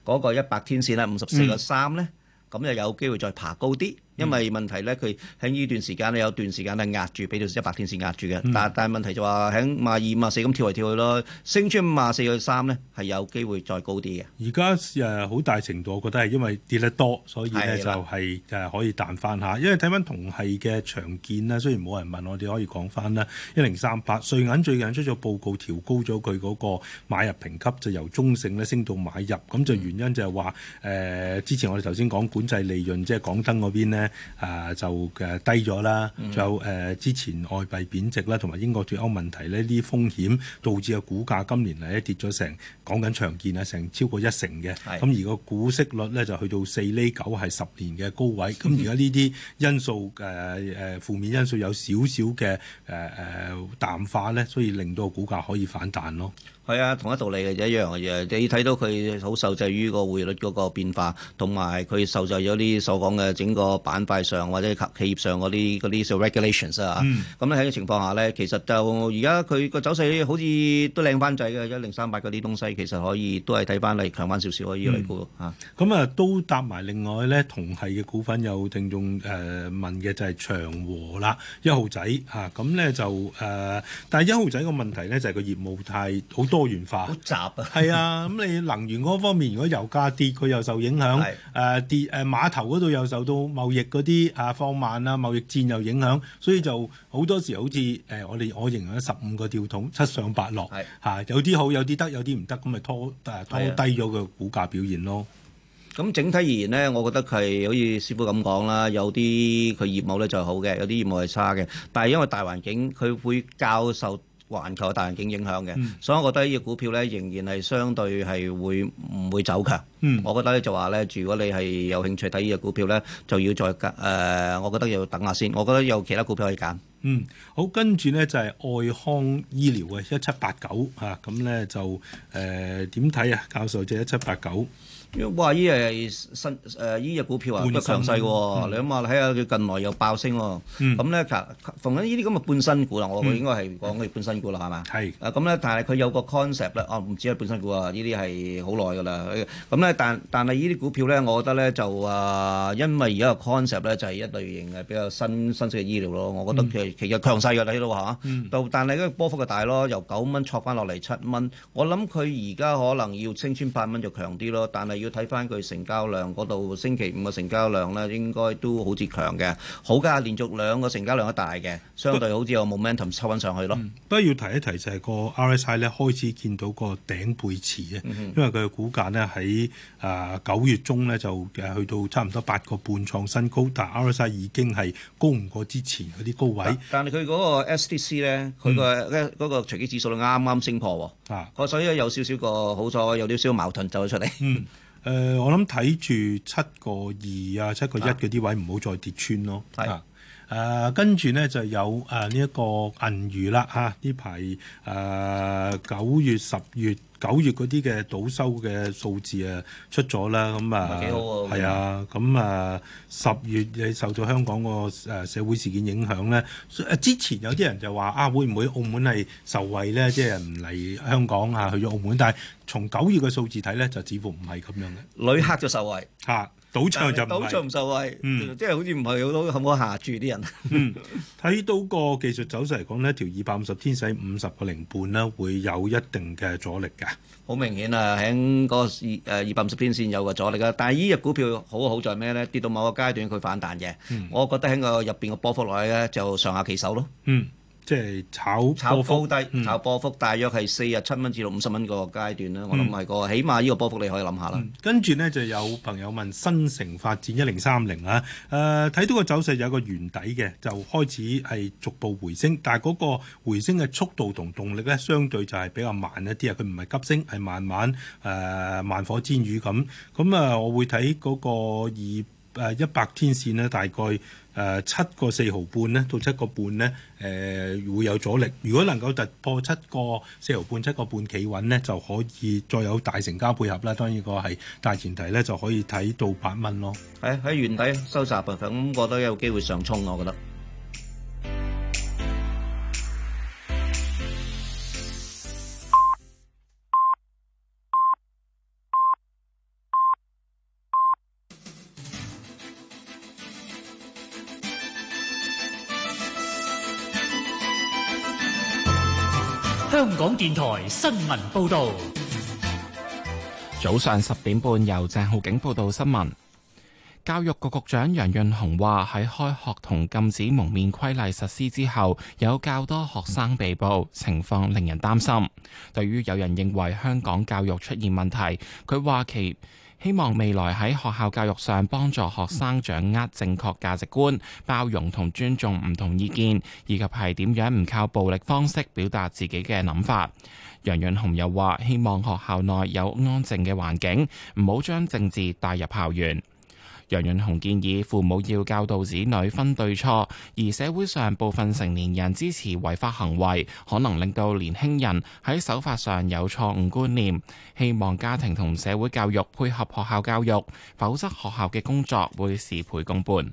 嗰個一百天線咧，五十四個三咧，咁就有機會再爬高啲。因為問題咧，佢喺呢段時間咧有段時間咧壓住，俾到一百天線壓住嘅。但、嗯、但問題就話喺萬二萬四咁跳嚟跳去咯，升穿萬四去三咧，係有機會再高啲嘅。而家誒好大程度，我覺得係因為跌得多，所以咧就係誒可以彈翻下。的因為睇翻同系嘅長建啦，雖然冇人問我哋，可以講翻啦。一零三八瑞銀最近出咗報告，調高咗佢嗰個買入評級，就由中性咧升到買入。咁就、嗯、原因就係話誒，之前我哋頭先講管制利潤，即係港燈嗰邊咧。啊、呃，就嘅低咗啦，仲、嗯、有誒、呃、之前外幣貶值啦，同埋英國脱歐問題呢啲風險導致嘅股價今年嚟咧跌咗成，講緊長見啊，成超過一成嘅。咁是而個股息率咧就去到四厘九，係十年嘅高位。咁而家呢啲因素誒誒、呃、負面因素有少少嘅誒誒淡化咧，所以令到個股價可以反彈咯。係啊，同一道理嘅一樣嘅嘢，你睇到佢好受制於個匯率嗰個變化，同埋佢受制咗啲所講嘅整個板塊上或者企業上嗰啲嗰啲 regulations、嗯、啊。咁咧喺個情況下呢，其實就而家佢個走勢好似都靚翻仔嘅，一零三八嗰啲東西其實可以都係睇翻嚟強翻少少可以嚟估嚇。咁、嗯、啊，嗯啊嗯、都搭埋另外呢，同係嘅股份有聽眾誒問嘅就係、是、長和啦，一號仔嚇。咁呢就誒，但係一號仔個問題呢，就係個業務太好多。多元化，好雜啊！係 <noise> 啊樂，咁你能源嗰方面，如果油價跌，佢又受影響，誒跌的，誒碼頭嗰度又受到貿易嗰啲啊放慢啊，貿易戰又影響，所以就好多時好似誒，我哋的、欸、我形容咧十五個吊桶七上八落，吓的、啊、有啲好，有啲得，有啲唔得，咁咪拖拖低咗個股價表現咯。咁的整體而言咧，我覺得佢好似師傅咁講啦，有啲佢業務咧就好嘅，有啲業務係差嘅，但係因為大環境佢會較受。環球大環境影響嘅，嗯、所以我覺得呢隻股票咧仍然係相對係會唔會走強？嗯、我覺得咧就話咧，如果你係有興趣睇呢隻股票咧，就要再誒、呃，我覺得要等下先。我覺得有其他股票可以揀。嗯，好，跟住呢就係愛康醫療嘅一七八九啊，咁咧就誒點睇啊？教授，就一七八九。哇！依誒新誒依隻股票啊，好強勢喎，嗯、你諗下睇下佢近來又爆升喎。咁咧、嗯，逢緊呢啲咁嘅半新股啦，嗯、我佢應該係講嘅半新股啦，係嘛？係。咁咧，但係佢有個 concept 咧，哦，唔知係半新股啊，呢啲係好耐㗎啦。咁咧、嗯，但但係呢啲股票咧，我覺得咧就誒、呃，因為而家個 concept 咧就係一類型嘅比較新新式嘅醫療咯。我覺得其實、嗯、其實強勢嘅睇到嚇，到、啊嗯、但係咧波幅就大咯，由九蚊挫翻落嚟七蚊。我諗佢而家可能要升穿八蚊就強啲咯，但係。要睇翻佢成交量嗰度，星期五嘅成交量咧，應該都好節強嘅。好嘅，連續兩個成交量都大嘅，相對好似有 momentum 抽翻上去咯。不過、嗯、要提一提就係個 RSI 咧開始見到個頂背馳嘅，因為佢嘅股價呢喺啊九月中呢就去到差唔多八個半創新高，但 RSI 已經係高唔過之前嗰啲高位。但係佢嗰個 STC 呢，佢個嗰個隨機指數咧啱啱升破喎，啊，所以有少少有少少個好彩，有啲少矛盾走咗出嚟。嗯誒、呃，我諗睇住七個二啊，七個一嗰啲位唔好再跌穿咯。係啊，誒、啊、跟住咧就有誒呢一個銀娛啦嚇，呢排誒九月十月。九月嗰啲嘅賭收嘅數字啊出咗啦，咁啊係啊，咁啊十、啊、月你受到香港個誒社會事件影響咧，之前有啲人就話啊會唔會澳門係受惠咧，即係唔嚟香港啊去咗澳門，但係從九月嘅數字睇咧，就似乎唔係咁樣嘅旅客就受惠嚇。啊，賭場就唔受惠，嗯、即係好似唔係好多咁好下注啲人。睇、嗯、 <laughs> 到個技術走勢嚟講呢條二百五十天線五十個零半呢，會有一定嘅阻力嘅。好明顯啊，喺嗰個二誒二百五十天線有嘅阻力嘅。但係呢隻股票好好在咩呢？跌到某個階段佢反彈嘅。嗯、我覺得喺個入邊個波幅內咧就上下其手咯。嗯即係炒波幅炒高低，嗯、炒波幅大約係四十七蚊至到五十蚊個階段咧，嗯、我諗係個起碼呢個波幅你可以諗下啦。跟住呢，就有朋友問新城發展 30,、呃、一零三零啊，誒睇到個走勢有個圓底嘅，就開始係逐步回升，但係嗰個回升嘅速度同動力呢，相對就係比較慢一啲啊，佢唔係急升，係慢慢誒、呃、慢火煎魚咁。咁啊、呃，我會睇嗰個二誒一百天線呢，大概。誒、呃、七個四毫半咧，到七個半咧，誒、呃、會有阻力。如果能夠突破七個四毫半、七個半企穩咧，就可以再有大成交配合啦。當然個係大前提咧，就可以睇到八蚊咯。係喺、哎、原底收集啊咁，覺、那、得、個、有機會上衝，我覺得。香港電台新聞報道，早上十點半由鄭浩景報道新聞。教育局局長楊潤雄話喺開學同禁止蒙面規例實施之後，有較多學生被捕，情況令人擔心。對於有人認為香港教育出現問題，佢話其。希望未來喺學校教育上幫助學生掌握正確價值觀，包容同尊重唔同意見，以及係點樣唔靠暴力方式表達自己嘅諗法。楊潤雄又話，希望學校內有安靜嘅環境，唔好將政治帶入校園。楊潤雄建議父母要教導子女分對錯，而社會上部分成年人支持違法行為，可能令到年輕人喺守法上有錯誤觀念。希望家庭同社會教育配合學校教育，否則學校嘅工作會事倍功半。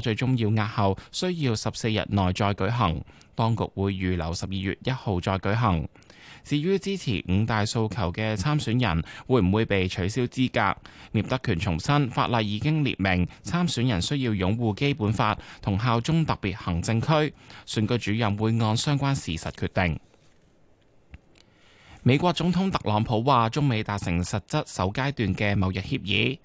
最終要押後，需要十四日內再舉行。當局會預留十二月一號再舉行。至於支持五大訴求嘅參選人，會唔會被取消資格？聶德權重申，法例已經列明，參選人需要擁護基本法同效忠特別行政區。選舉主任會按相關事實決定。美國總統特朗普話：中美達成實質首階段嘅貿易協議。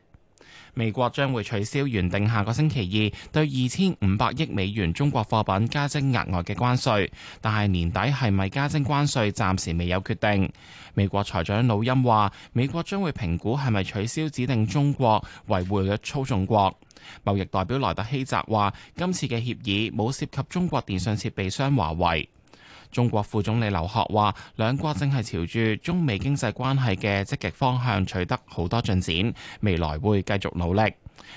美國將會取消原定下個星期二對二千五百億美元中國貨品加徵額外嘅關稅，但係年底係咪加徵關稅暫時未有決定。美國財長魯欽話：美國將會評估係咪取消指定中國匯率操縱國。貿易代表萊德希澤話：今次嘅協議冇涉及中國電信設備商華為。中國副總理劉鶴話，兩國正係朝住中美經濟關係嘅積極方向取得好多進展，未來會繼續努力。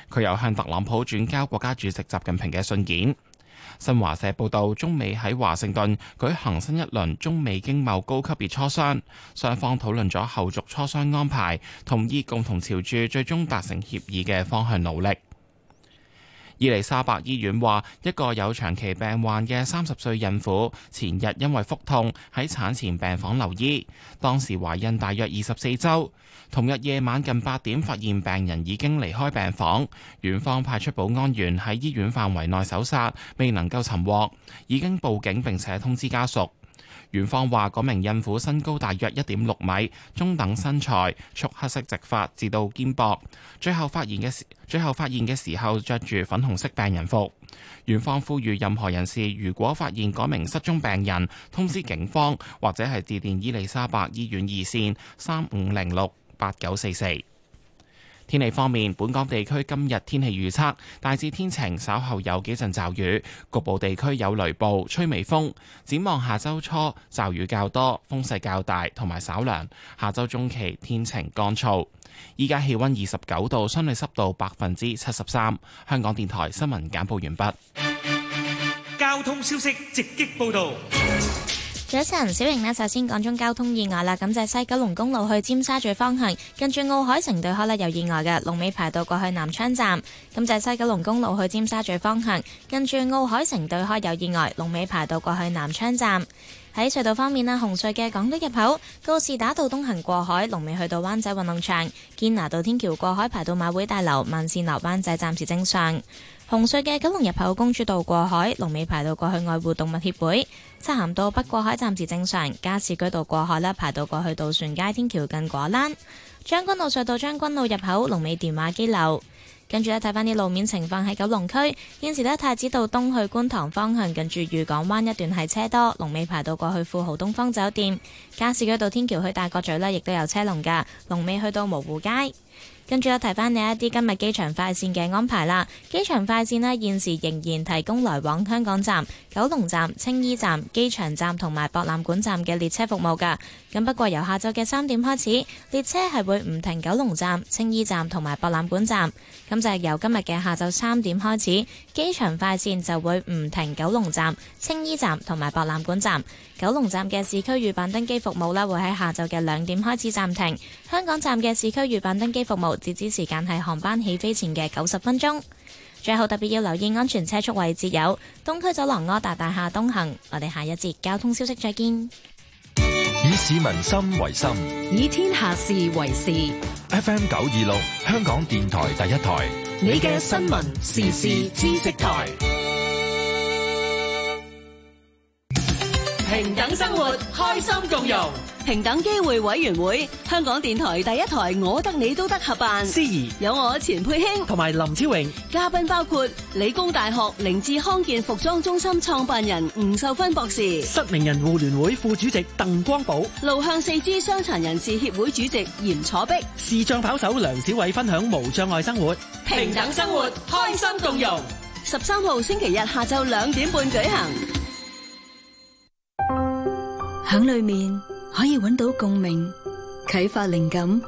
佢又向特朗普轉交國家主席習近平嘅信件。新華社報道，中美喺華盛頓舉行新一輪中美經貿高級別磋商，雙方討論咗後續磋商安排，同意共同朝住最終達成協議嘅方向努力。伊麗莎白醫院話，一個有長期病患嘅三十歲孕婦，前日因為腹痛喺產前病房留醫，當時懷孕大約二十四周。同日夜晚近八點發現病人已經離開病房，院方派出保安員喺醫院範圍內搜查，未能夠尋獲，已經報警並且通知家屬。院方話：嗰名孕婦身高大約一點六米，中等身材，束黑色直髮至到肩膊。最後發現嘅時最後發現嘅時候，着住粉紅色病人服。院方呼籲任何人士如果發現嗰名失蹤病人，通知警方或者係致電伊麗莎白醫院二線三五零六八九四四。天氣方面，本港地區今日天氣預測大致天晴，稍後有幾陣驟雨，局部地區有雷暴，吹微風。展望下周初驟雨較多，風勢較大，同埋稍涼。下周中期天晴乾燥。依家氣溫二十九度，相對濕度百分之七十三。香港電台新聞簡報完畢。交通消息直擊報道。早晨，小瑩呢，首先講中交通意外啦，咁就係西九龍公路去尖沙咀方向，近住奧海城對開咧有意外嘅，龍尾排到過去南昌站。咁就係西九龍公路去尖沙咀方向，近住奧海城對開有意外，龍尾排到過去南昌站。喺隧道方面啊，紅隧嘅港島入口，告士打道東行過海，龍尾去到灣仔運動場，堅拿道天橋過海排到馬會大樓，慢線流灣仔暫時正常。紅隧嘅九龍入口公主道過海，龍尾排到過去愛護動物協會；漆咸道北過海暫時正常，加士居道過海咧排到過去渡船街天橋近果欄；將軍澳隧道將軍澳入口龍尾電話機樓。跟住呢睇翻啲路面情況喺九龍區，現時呢太子道東去觀塘方向近住愉港灣一段係車多，龍尾排到過去富豪東方酒店；加士居道天橋去大角咀呢亦都有車龍噶，龍尾去到蕪湖街。跟住我提翻你一啲今日機場快線嘅安排啦。機場快線呢，現時仍然提供來往香港站、九龍站、青衣站、機場站同埋博覽館站嘅列車服務㗎。咁不過由下晝嘅三點開始，列車係會唔停九龍站、青衣站同埋博覽館站。咁就係由今日嘅下晝三點開始，機場快線就會唔停九龍站、青衣站同埋博覽館站。九龍站嘅市區預辦登機服務呢，會喺下晝嘅兩點開始暫停。香港站嘅市區預辦登機服務截止時間係航班起飛前嘅九十分鐘。最後特別要留意安全車速位置有東區走廊柯達大廈東行。我哋下一節交通消息再見。以市民心為心，以天下事為事。FM 九二六，香港電台第一台，你嘅新聞時事知識台，平等生活，開心共融。平等機會委員會、香港電台第一台，我得你都得合辦。司儀有我，錢佩卿同埋林超榮。嘉賓包括理工大學靈智康健服裝中心創辦人吳秀芬博士、失明人互聯會副主席鄧光寶、路向四肢傷殘人士協會主席嚴楚碧、視障跑手梁小偉分享無障礙生活、平等生活、開心共融。十三號星期日下晝兩點半舉行，響裡面。可以揾到共鳴、啟發靈感，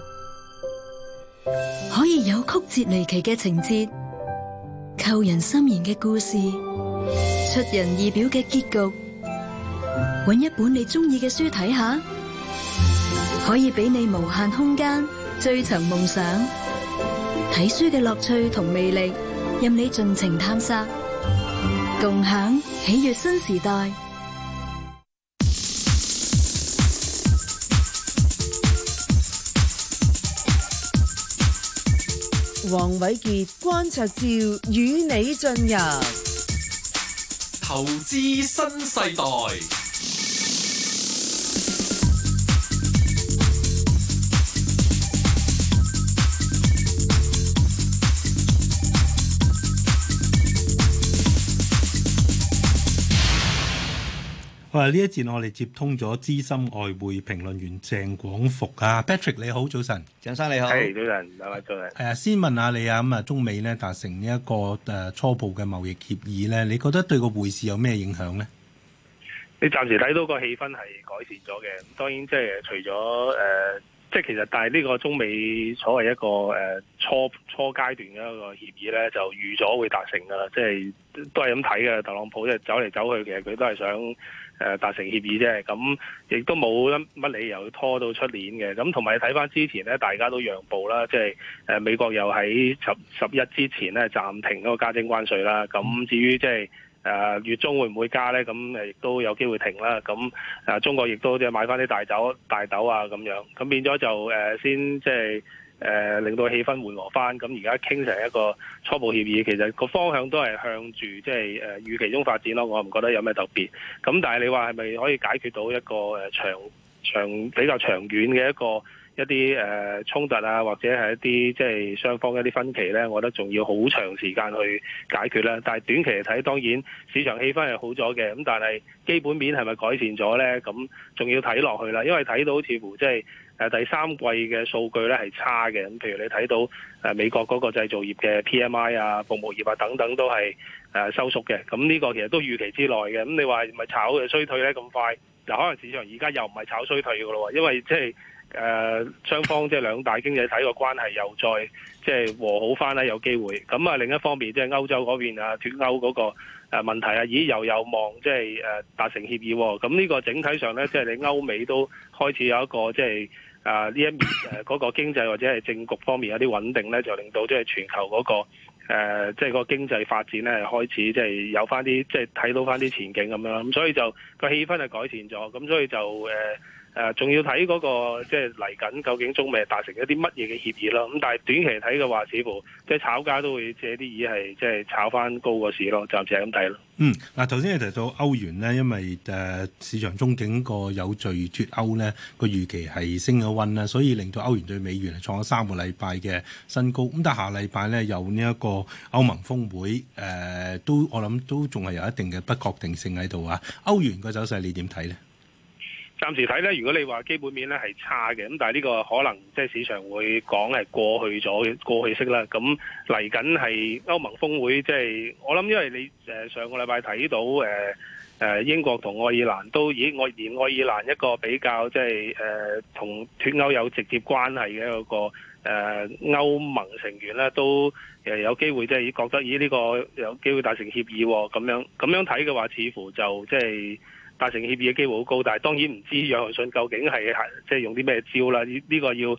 可以有曲折離奇嘅情節、扣人心弦嘅故事、出人意表嘅結局。揾一本你中意嘅書睇下，可以俾你無限空間追尋夢想。睇書嘅樂趣同魅力，任你盡情探索，共享喜悅新時代。黃瑋傑關焯照，與你進入投資新世代。呢一節我哋接通咗資深外匯評論員鄭廣福啊，Patrick 你好早晨，鄭生你好，係、hey, 早晨，大家早晨。先問下你啊，咁啊，中美咧達成呢一個誒初步嘅貿易協議咧，你覺得對個匯市有咩影響呢？你暫時睇到個氣氛係改善咗嘅，當然即係除咗誒，即、呃、係、就是、其實但係呢個中美所謂一個誒、呃、初初階段嘅一個協議咧，就預咗會達成噶啦，即、就、係、是、都係咁睇嘅。特朗普即係走嚟走去，其實佢都係想。誒達成協議啫，咁亦都冇乜理由拖到出年嘅。咁同埋睇翻之前咧，大家都讓步啦，即係誒美國又喺十十一之前咧暫停嗰個加徵關稅啦。咁至於即係誒月中會唔會加咧？咁誒亦都有機會停啦。咁誒、啊、中國亦都即係買翻啲大豆大豆啊，咁樣。咁變咗就誒、呃、先即係。即係誒、呃、令到氣氛緩和翻，咁而家傾成一個初步協議，其實個方向都係向住即係誒預期中發展咯。我唔覺得有咩特別。咁、嗯、但係你話係咪可以解決到一個誒長長比較長遠嘅一個一啲誒、呃、衝突啊，或者係一啲即係雙方一啲分歧呢？我覺得仲要好長時間去解決啦、啊。但係短期嚟睇，當然市場氣氛係好咗嘅。咁、嗯、但係基本面係咪改善咗呢？咁仲要睇落去啦，因為睇到似乎即、就、係、是。誒第三季嘅數據咧係差嘅，咁譬如你睇到誒美國嗰個製造業嘅 PMI 啊、服務業啊等等都係誒收縮嘅，咁呢個其實都預期之內嘅。咁你話係咪炒嘅衰退咧咁快？嗱，可能市場而家又唔係炒衰退嘅咯喎，因為即係誒雙方即係兩大經濟體個關係又再即係和好翻啦，有機會。咁啊另一方面，即係歐洲嗰邊啊脫歐嗰個誒問題啊，咦又有望即係誒達成協議。咁呢個整體上咧，即係你歐美都開始有一個即係。即係即係啊！呢一面誒嗰、呃嗰個經濟或者係政局方面有啲穩定咧，就令到即係全球嗰、嗰個即係、呃就係、個經濟發展咧開始即係有翻啲，即係睇到翻啲前景咁樣啦。咁所以就個氣氛係改善咗，咁所以就誒。呃誒，仲、啊、要睇嗰、那個即係嚟緊究竟中美達成一啲乜嘢嘅協議咯？咁但係短期睇嘅話，似乎即係炒家都會借啲意係即係炒翻高個市咯，暫時係咁睇咯。嗯，嗱、啊，頭先你提到歐元咧，因為誒、啊、市場中景個有序脱歐咧個預期係升咗温啦，所以令到歐元對美元係創咗三個禮拜嘅新高。咁但係下禮拜咧有呢一個歐盟峰會，誒、呃、都我諗都仲係有一定嘅不確定性喺度啊。歐元個走勢你點睇咧？暫時睇咧，如果你話基本面咧係差嘅，咁但係呢個可能即係市場會講係過去咗過去式啦。咁嚟緊係歐盟峰會，即、就、係、是、我諗，因為你誒上個禮拜睇到誒誒、呃、英國同愛爾蘭都以我連、呃、愛爾蘭一個比較即係誒同脱歐有直接關係嘅一個誒、呃、歐盟成員咧，都誒有機會即係覺得以呢、呃呢個有機會達成協議喎、哦。咁樣咁樣睇嘅話，似乎就即係。就是達成協議嘅機會好高，但係當然唔知約翰遜究竟係即係用啲咩招啦。呢、這、呢個要誒十、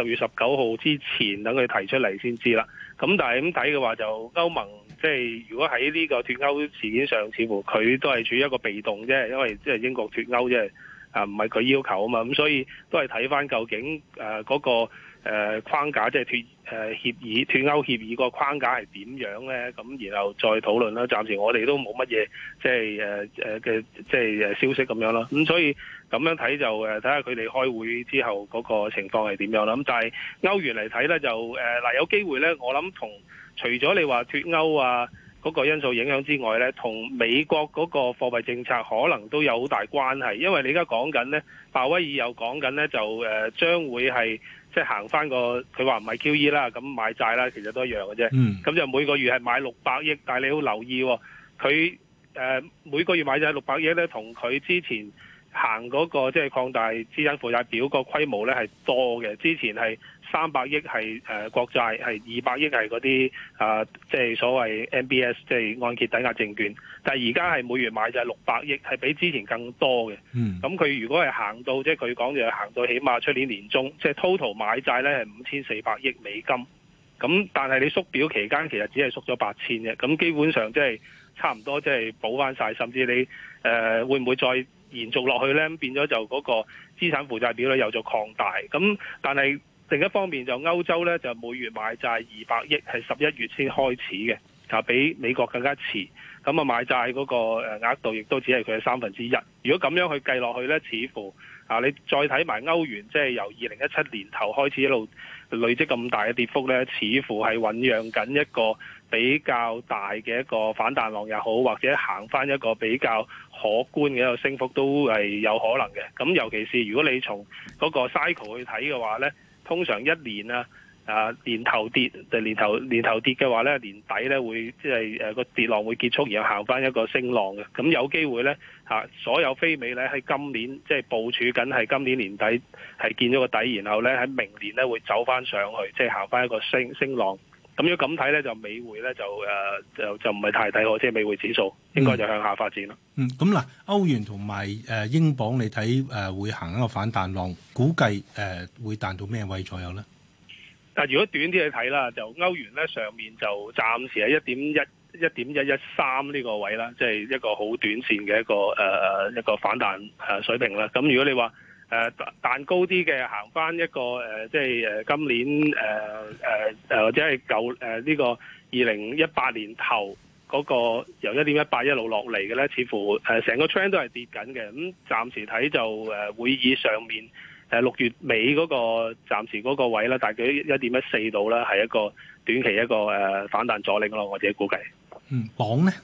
呃、月十九號之前等佢提出嚟先知啦。咁但係咁睇嘅話，就歐盟即係、就是、如果喺呢個脱歐事件上，似乎佢都係處於一個被動啫，因為即係英國脱歐啫，啊唔係佢要求啊嘛。咁所以都係睇翻究竟誒嗰、呃那個。誒、呃、框架，即係脱誒協議脱歐協議個框架係點樣咧？咁然後再討論啦。暫時我哋都冇乜嘢即係誒誒嘅即係消息咁樣咯。咁所以咁樣睇就誒睇下佢哋開會之後嗰個情況係點樣啦。咁但係歐元嚟睇咧，就誒嗱、呃、有機會咧，我諗同除咗你話脱歐啊嗰個因素影響之外咧，同美國嗰個貨幣政策可能都有好大關係，因為你而家講緊咧，鮑威爾又講緊咧，就誒將、呃、會係。即係行翻個，佢話唔係 QE 啦，咁買債啦，其實都一樣嘅啫。咁就每個月係買六百億，但係你要留意，佢誒每個月買債六百億咧，同佢之前行嗰個即係擴大資產負債表個規模咧係多嘅。之前係。三百億係誒國債，係二百億係嗰啲啊，即係所謂 MBS，即係按揭抵押證券。但係而家係每月買債六百億，係比之前更多嘅。咁佢、嗯嗯、如果係行到，即係佢講嘅行到，起碼出年年中即係 total 買債咧係五千四百億美金。咁但係你縮表期間其實只係縮咗八千嘅。咁基本上即係差唔多，即係補翻晒。甚至你誒、呃、會唔會再延續落去咧？變咗就嗰個資產負債表咧有咗擴大。咁但係。另一方面就歐洲咧，就每月買債二百億，係十一月先開始嘅，就比美國更加遲。咁啊，買債嗰個誒額度，亦都只係佢嘅三分之一。如果咁樣去計落去咧，似乎啊，你再睇埋歐元，即係由二零一七年頭開始一路累積咁大嘅跌幅咧，似乎係醖釀緊一個比較大嘅一個反彈浪又好，或者行翻一個比較可觀嘅一個升幅都係有可能嘅。咁尤其是如果你從嗰個 cycle 去睇嘅話咧。通常一年啊，啊年頭跌就年頭年頭跌嘅話咧，年底咧會即係誒個跌浪會結束，然後行翻一個升浪嘅。咁有機會咧，嚇、啊、所有非美咧喺今年即係、就是、部署緊係今年年底係見咗個底，然後咧喺明年咧會走翻上去，即、就、係、是、行翻一個升升浪。咁樣咁睇咧，就美匯咧就誒就就唔係太睇好，即係美匯指數應該就向下發展咯。嗯，嗯，咁嗱，歐元同埋誒英鎊你睇誒會行一個反彈浪，估計誒會彈到咩位左右咧？但如果短啲去睇啦，就歐元咧上面就暫時係一點一一點一一三呢個位啦，即係一個好短線嘅一個誒一個反彈誒水平啦。咁如果你話，誒彈高啲嘅行返一個誒、呃，即係誒今年誒誒誒或者係舊誒呢、呃這個二零一八年頭嗰、那個由一點一八一路落嚟嘅咧，似乎誒成、呃、個趨勢都係跌緊嘅。咁、嗯、暫時睇就誒、呃、會以上面誒六、呃、月尾嗰、那個暫時嗰個位啦，大概一點一四度啦，係一個短期一個誒、呃、反彈阻力咯，我自己估計。嗯，講咧。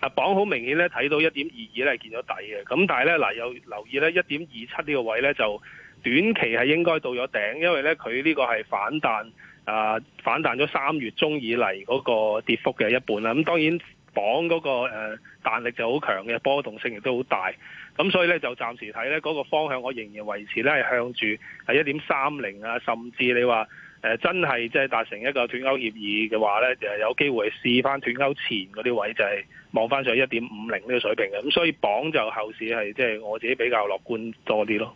啊，磅好明顯咧，睇到一點二二咧，見咗底嘅。咁但係咧，嗱有留意咧，一點二七呢個位咧，就短期係應該到咗頂，因為咧佢呢個係反彈啊、呃，反彈咗三月中以嚟嗰個跌幅嘅一半啦。咁、啊、當然榜嗰、嗰個誒彈、呃、力就好強嘅，波動性亦都好大。咁所以咧，就暫時睇咧嗰個方向，我仍然維持咧係向住係一點三零啊，甚至你話誒、呃、真係即係達成一個斷鈎協議嘅話咧，呃、機就係有機會試翻斷鈎前嗰啲位就係。望翻上一點五零呢個水平嘅，咁所以榜就後市係即係我自己比較樂觀多啲咯。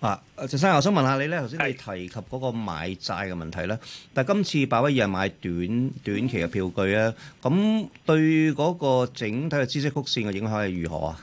嗱，陳生，我想問下你咧，頭先你提及嗰個買債嘅問題咧，但係今次鮑威爾係買短短期嘅票據咧，咁對嗰個整體嘅知識曲線嘅影響係如何啊？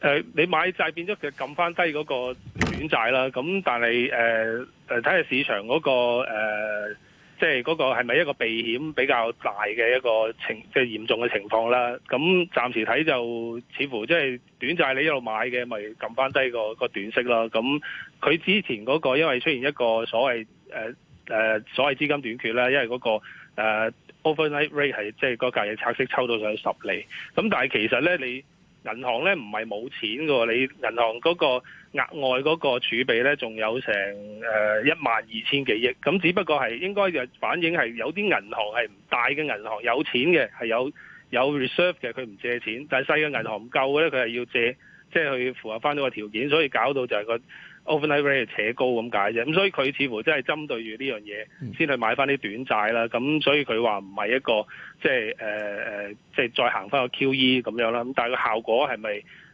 誒，你買債變咗，其實撳翻低嗰個短債啦。咁但係誒誒，睇下市場嗰個誒。即係嗰個係咪一個避險比較大嘅一個情，即係嚴重嘅情況啦？咁暫時睇就似乎即係短債你一路買嘅，咪撳翻低個個短息咯。咁佢之前嗰個因為出現一個所謂誒，誒所謂資金短缺啦，因為嗰個誒 overnight rate 係即係嗰隔夜拆息抽到上十厘。咁但係其實咧你。銀行咧唔係冇錢嘅喎，你銀行嗰個額外嗰個儲備咧，仲有成誒一萬二千幾億。咁只不過係應該嘅反映係有啲銀行係唔大嘅銀行有錢嘅，係有有 reserve 嘅，佢唔借錢。但係細嘅銀行唔夠咧，佢係要借，即係去符合翻呢個條件，所以搞到就係個 overnight rate 係扯高咁解啫，咁所以佢似乎真係針對住呢樣嘢先去買翻啲短債啦。咁所以佢話唔係一個即係誒誒，即係再行翻個 QE 咁樣啦。咁但係個效果係咪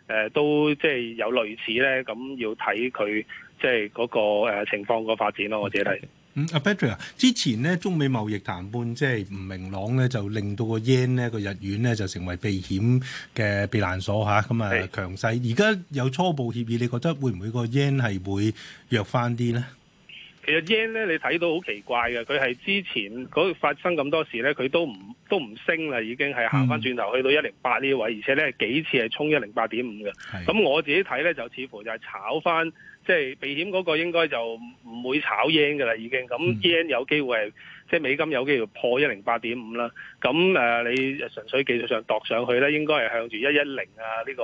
誒都即係有類似咧？咁要睇佢即係嗰個情況個發展咯。我自己睇。Okay. 嗯，阿 Patrick 之前咧中美貿易談判即係唔明朗咧，就令到個 yen 呢個日元呢，日呢就成為避險嘅避難所嚇，咁啊的強勢。而家有初步協議，你覺得會唔會個 yen 係會弱翻啲呢？其實 yen 咧，你睇到好奇怪嘅，佢係之前嗰發生咁多事咧，佢都唔都唔升啦，已經係行翻轉頭去到一零八呢位，而且咧幾次係衝一零八點五嘅。咁的我自己睇咧，就似乎就係炒翻。即係避險嗰個應該就唔會炒 yen 啦，已經咁 yen 有機會係即係美金有機會破一零八點五啦。咁誒，你純粹技術上度上去咧，應該係向住一一零啊呢，呢個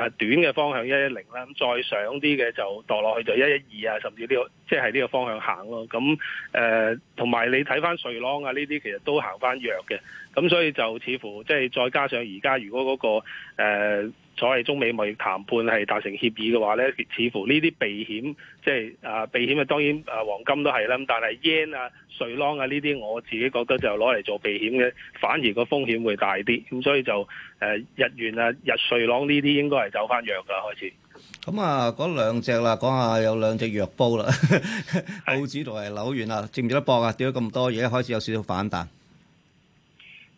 誒短嘅方向一一零啦。咁再上啲嘅就度落去就一一二啊，甚至呢，呢個即係呢個方向行咯。咁誒，同、呃、埋你睇翻瑞朗啊呢啲其實都行翻弱嘅。咁所以就似乎即係、就是、再加上而家如果嗰、嗰個、呃所以中美貿易談判係達成協議嘅話咧，似乎呢啲避險即係啊避險啊，當然啊黃金都係啦，但係日圓啊、瑞郎啊呢啲，我自己覺得就攞嚟做避險嘅，反而個風險會大啲。咁所以就誒日元啊、日瑞郎呢啲應該係走翻弱噶開始。咁啊，嗰兩隻啦，講下有兩隻弱煲啦， <laughs> 澳紙同埋紐元啊，值唔值得搏啊？跌咗咁多嘢，開始有少少反彈。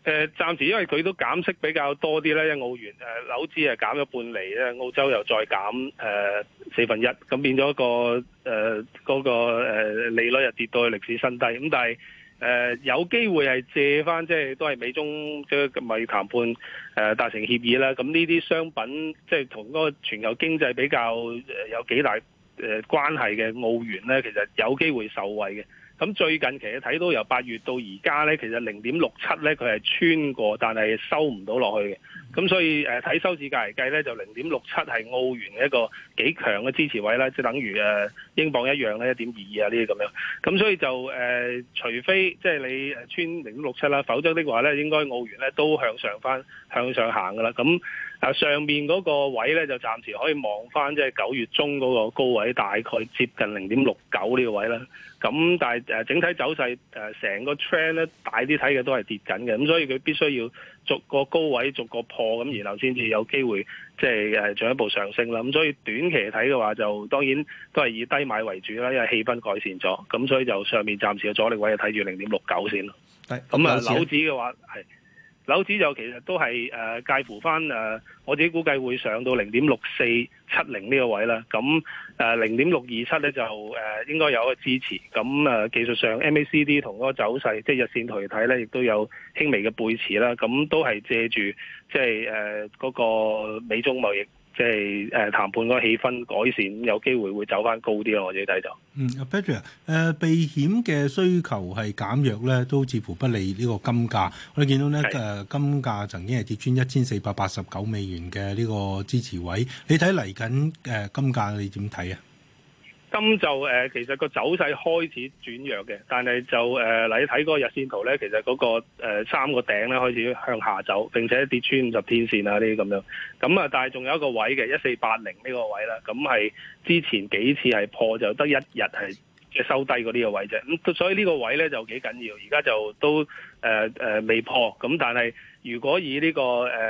誒暫、呃、時因為佢都減息比較多啲咧，澳元誒樓指誒減咗半厘咧，澳洲又再減誒、呃、四分一，咁變咗個誒嗰、呃那個利率又跌到去歷史新低，咁但係誒、呃、有機會係借翻，即係都係美中即係咪談判誒、呃、達成協議啦？咁呢啲商品即係同嗰個全球經濟比較誒有幾大誒關係嘅澳元咧，其實有機會受惠嘅。咁最近其實咧睇到由八月到而家咧，其實零點六七咧，佢係穿過，但係收唔到落去嘅。咁所以誒睇、呃、收市價嚟計咧，就零點六七係澳元嘅一個幾強嘅支持位啦，即係等於誒、呃、英鎊一樣咧一點二二啊，呢啲咁樣。咁所以就誒、呃，除非即係、就是、你誒穿零點六七啦，否則的話咧，應該澳元咧都向上翻、向上行噶啦。咁啊，上面嗰個位咧就暫時可以望翻，即係九月中嗰個高位，大概接近零點六九呢個位啦。咁但係誒整體走勢誒成個 trend 咧大啲睇嘅都係跌緊嘅，咁所以佢必須要逐個高位逐個破咁，然後先至有機會即係誒進一步上升啦。咁、嗯、所以短期睇嘅話，就當然都係以低買為主啦，因為氣氛改善咗，咁、嗯、所以就上面暫時嘅阻力位就睇住零點六九先咯。係是，咁啊、嗯，樓指嘅話係樓指就其實都係誒、呃、介乎翻誒、呃，我自己估計會上到零點六四七零呢個位啦。咁、嗯嗯誒零點六二七咧就誒、呃、應該有一個支持，咁誒、呃、技術上 MACD 同嗰個走勢，即係日線圖睇咧，亦都有輕微嘅背馳啦，咁都係借住即係誒嗰個美中貿易。即係誒、呃、談判個氣氛改善，有機會會走翻高啲咯。我自己睇就嗯，Patricia 誒避險嘅需求係減弱咧，都似乎不利呢個金價。我哋見到咧誒的、呃、金價曾經係跌穿一千四百八十九美元嘅呢個支持位。你睇嚟緊誒金價你，你點睇啊？今就誒、呃，其實個走勢開始轉弱嘅，但係就誒，你睇嗰個日線圖咧，其實嗰、嗰個、呃、三個頂咧開始向下走，並且跌穿五十天線啊呢啲咁樣。咁啊，但係仲有一個位嘅一四八零呢個位啦，咁係之前幾次係破就得一日係即係收低過呢個位啫。咁所以呢個位咧就幾緊要，而家就都誒誒、呃呃、未破，咁但係。如果以呢、這個誒、呃、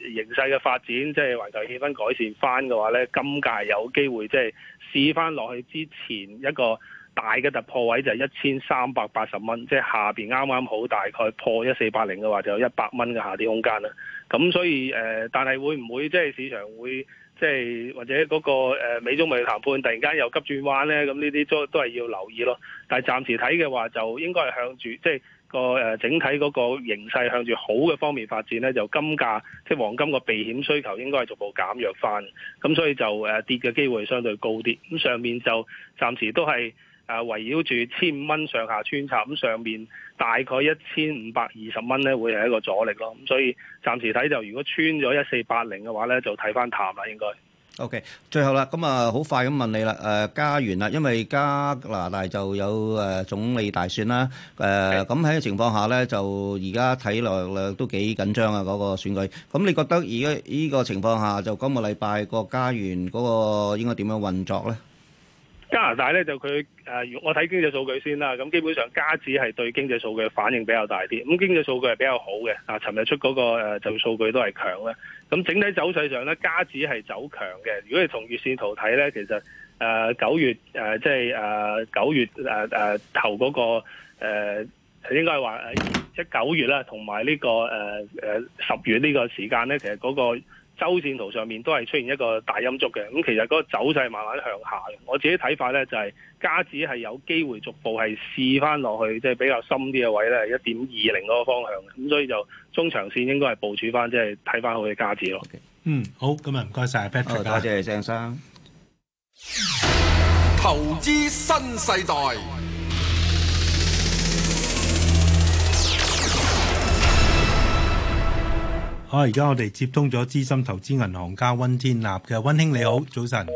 形勢嘅發展，即係環球氣氛改善翻嘅話呢，今屆有機會即係試翻落去之前一個大嘅突破位就，就係一千三百八十蚊，即係下邊啱啱好大概破一四八零嘅話，就有一百蚊嘅下跌空間啦。咁所以誒、呃，但係會唔會即係市場會即係或者嗰個美中美談判突然間又急轉彎呢？咁呢啲都都係要留意咯。但係暫時睇嘅話，就應該係向住即係。就是個誒整體嗰個形勢向住好嘅方面發展咧，就金價即係、就是、黃金個避險需求應該係逐步減弱翻，咁所以就誒跌嘅機會相對高啲。咁上面就暫時都係誒圍繞住千五蚊上下穿插，咁上面大概一千五百二十蚊咧會係一個阻力咯。咁所以暫時睇就，如果穿咗一四八零嘅話咧，就睇翻淡啦，應該。OK，最後啦，咁啊，好快咁問你啦，誒，加元啦，因為加拿大就有誒總理大選啦，誒，咁喺個情況下咧，就而家睇落咧都幾緊張啊，嗰個選舉。咁你覺得而家呢個情況下，就今個禮拜個加元嗰個應該點樣運作咧？加拿大咧就佢誒，我睇經濟數據先啦。咁基本上，加指係對經濟數據反應比較大啲。咁經濟數據係比較好嘅，啊，尋日出嗰個誒就數據都係強嘅。咁整體走勢上咧，加指係走強嘅。如果你從月線圖睇咧，其實誒九、呃、月誒即係誒九月誒誒、呃、頭嗰、那個誒、呃，應該係話即九月啦、這個，同埋呢個誒誒十月呢個時間咧，其實嗰個周線圖上面都係出現一個大陰燭嘅。咁、嗯、其實嗰個走勢慢慢向下嘅。我自己睇法咧就係、是。家指係有機會逐步係試翻落去，即、就、係、是、比較深啲嘅位咧，係一點二零嗰個方向，咁所以就中長線應該係部署翻，即係睇翻好嘅家指落嘅。Okay. 嗯，好，今日唔該晒 Patrick 多謝鄭生。投資新世代。好，而家我哋接通咗資深投資銀行家溫天立嘅溫兄，溫你好，早晨。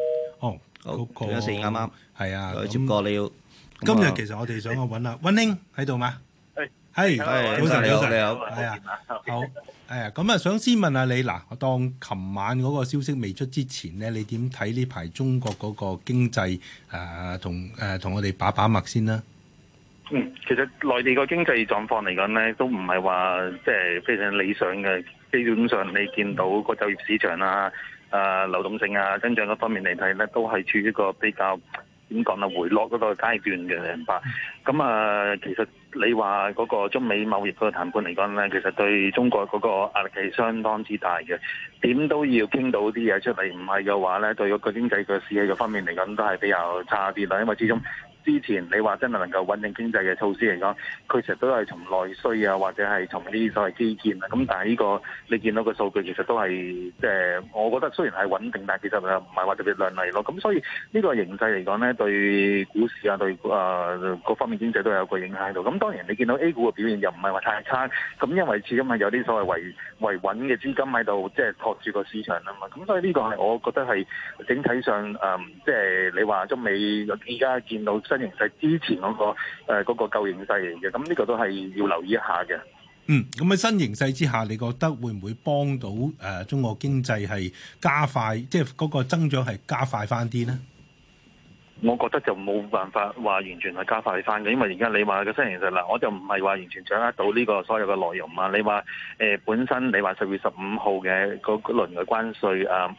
好，有四啱啱，係啊，咁接過你要。今日其實我哋想去揾啊溫馨喺度嘛？係，係，早晨你好，你好，係啊，好，誒，咁啊，想先問下你嗱，當琴晚嗰個消息未出之前咧，你點睇呢排中國嗰個經濟同誒，同我哋把把脈先啦。嗯，其實內地個經濟狀況嚟講咧，都唔係話即係非常理想嘅。基本上你見到個就業市場啦。誒、啊、流動性啊、增長嗰方面嚟睇呢，都係處於一個比較點講啊，回落嗰個階段嘅。明白。咁、嗯、啊、嗯嗯，其實你話嗰個中美貿易嗰個談判嚟講呢，其實對中國嗰個壓力係相當之大嘅。點都要傾到啲嘢出嚟，唔係嘅話呢，對個經濟個市氣嘅方面嚟講都係比較差啲啦，因為始終。之前你話真係能夠穩定經濟嘅措施嚟講，佢其實都係從內需啊，或者係從啲所謂基建啊。咁但係呢個你見到個數據，其實都係誒，我覺得雖然係穩定，但係其實唔係話特別亮麗咯。咁所以呢個形勢嚟講咧，對股市啊，對啊各、呃、方面經濟都有個影響喺度。咁當然你見到 A 股嘅表現又唔係話太差，咁因為始終係有啲所謂維維穩嘅資金喺度，即係托住個市場啊嘛。咁所以呢個係我覺得係整體上誒，即、呃、係、就是、你話中美而家見到，嗯、新形勢之前嗰個誒個舊形勢嚟嘅，咁呢個都係要留意一下嘅。嗯，咁喺新形勢之下，你覺得會唔會幫到誒、呃、中國經濟係加快，即係嗰個增長係加快翻啲呢？我覺得就冇辦法話完全係加快翻嘅，因為而家你話嘅新形勢嗱，我就唔係話完全掌握到呢個所有嘅內容嘛。你話誒、呃、本身你話十月十五號嘅嗰、嗰個輪嘅關稅誒唔、呃、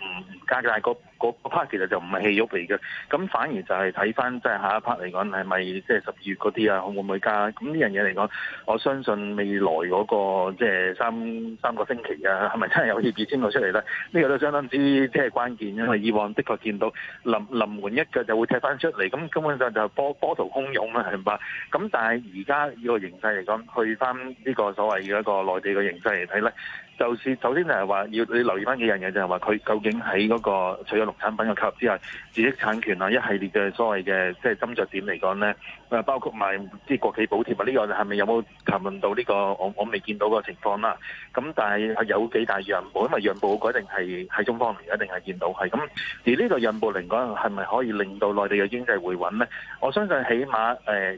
加價個個 part 其實就唔係戲肉嚟嘅，咁反而就係睇翻即係下一 part 嚟講係咪即係十二月嗰啲啊，會唔會加？咁呢樣嘢嚟講，我相信未來嗰個即係三三個星期啊，係咪真係有熱錢出嚟咧？呢個都相當之即係關鍵，因為以往的確見到臨臨門一腳就會踢翻出嚟，咁根本上就係波波濤洶湧啦，係嘛？咁但係而家呢個形勢嚟講，去翻呢個所謂嘅一個內地嘅形勢嚟睇咧，就是首先就係話要你留意翻幾樣嘢，就係話佢究竟喺嗰個除咗六產品嘅投入之下，知識產權啊，一系列嘅所謂嘅即係斟酌點嚟講咧，誒包括埋啲國企補貼啊，呢、這個係咪有冇談論到呢、這個？我我未見到個情況啦。咁但係有幾大讓步？因為讓步嗰定係喺中方嚟一定係見到係咁。而呢個讓步嚟講係咪可以令到內地嘅經濟回穩咧？我相信起碼誒。呃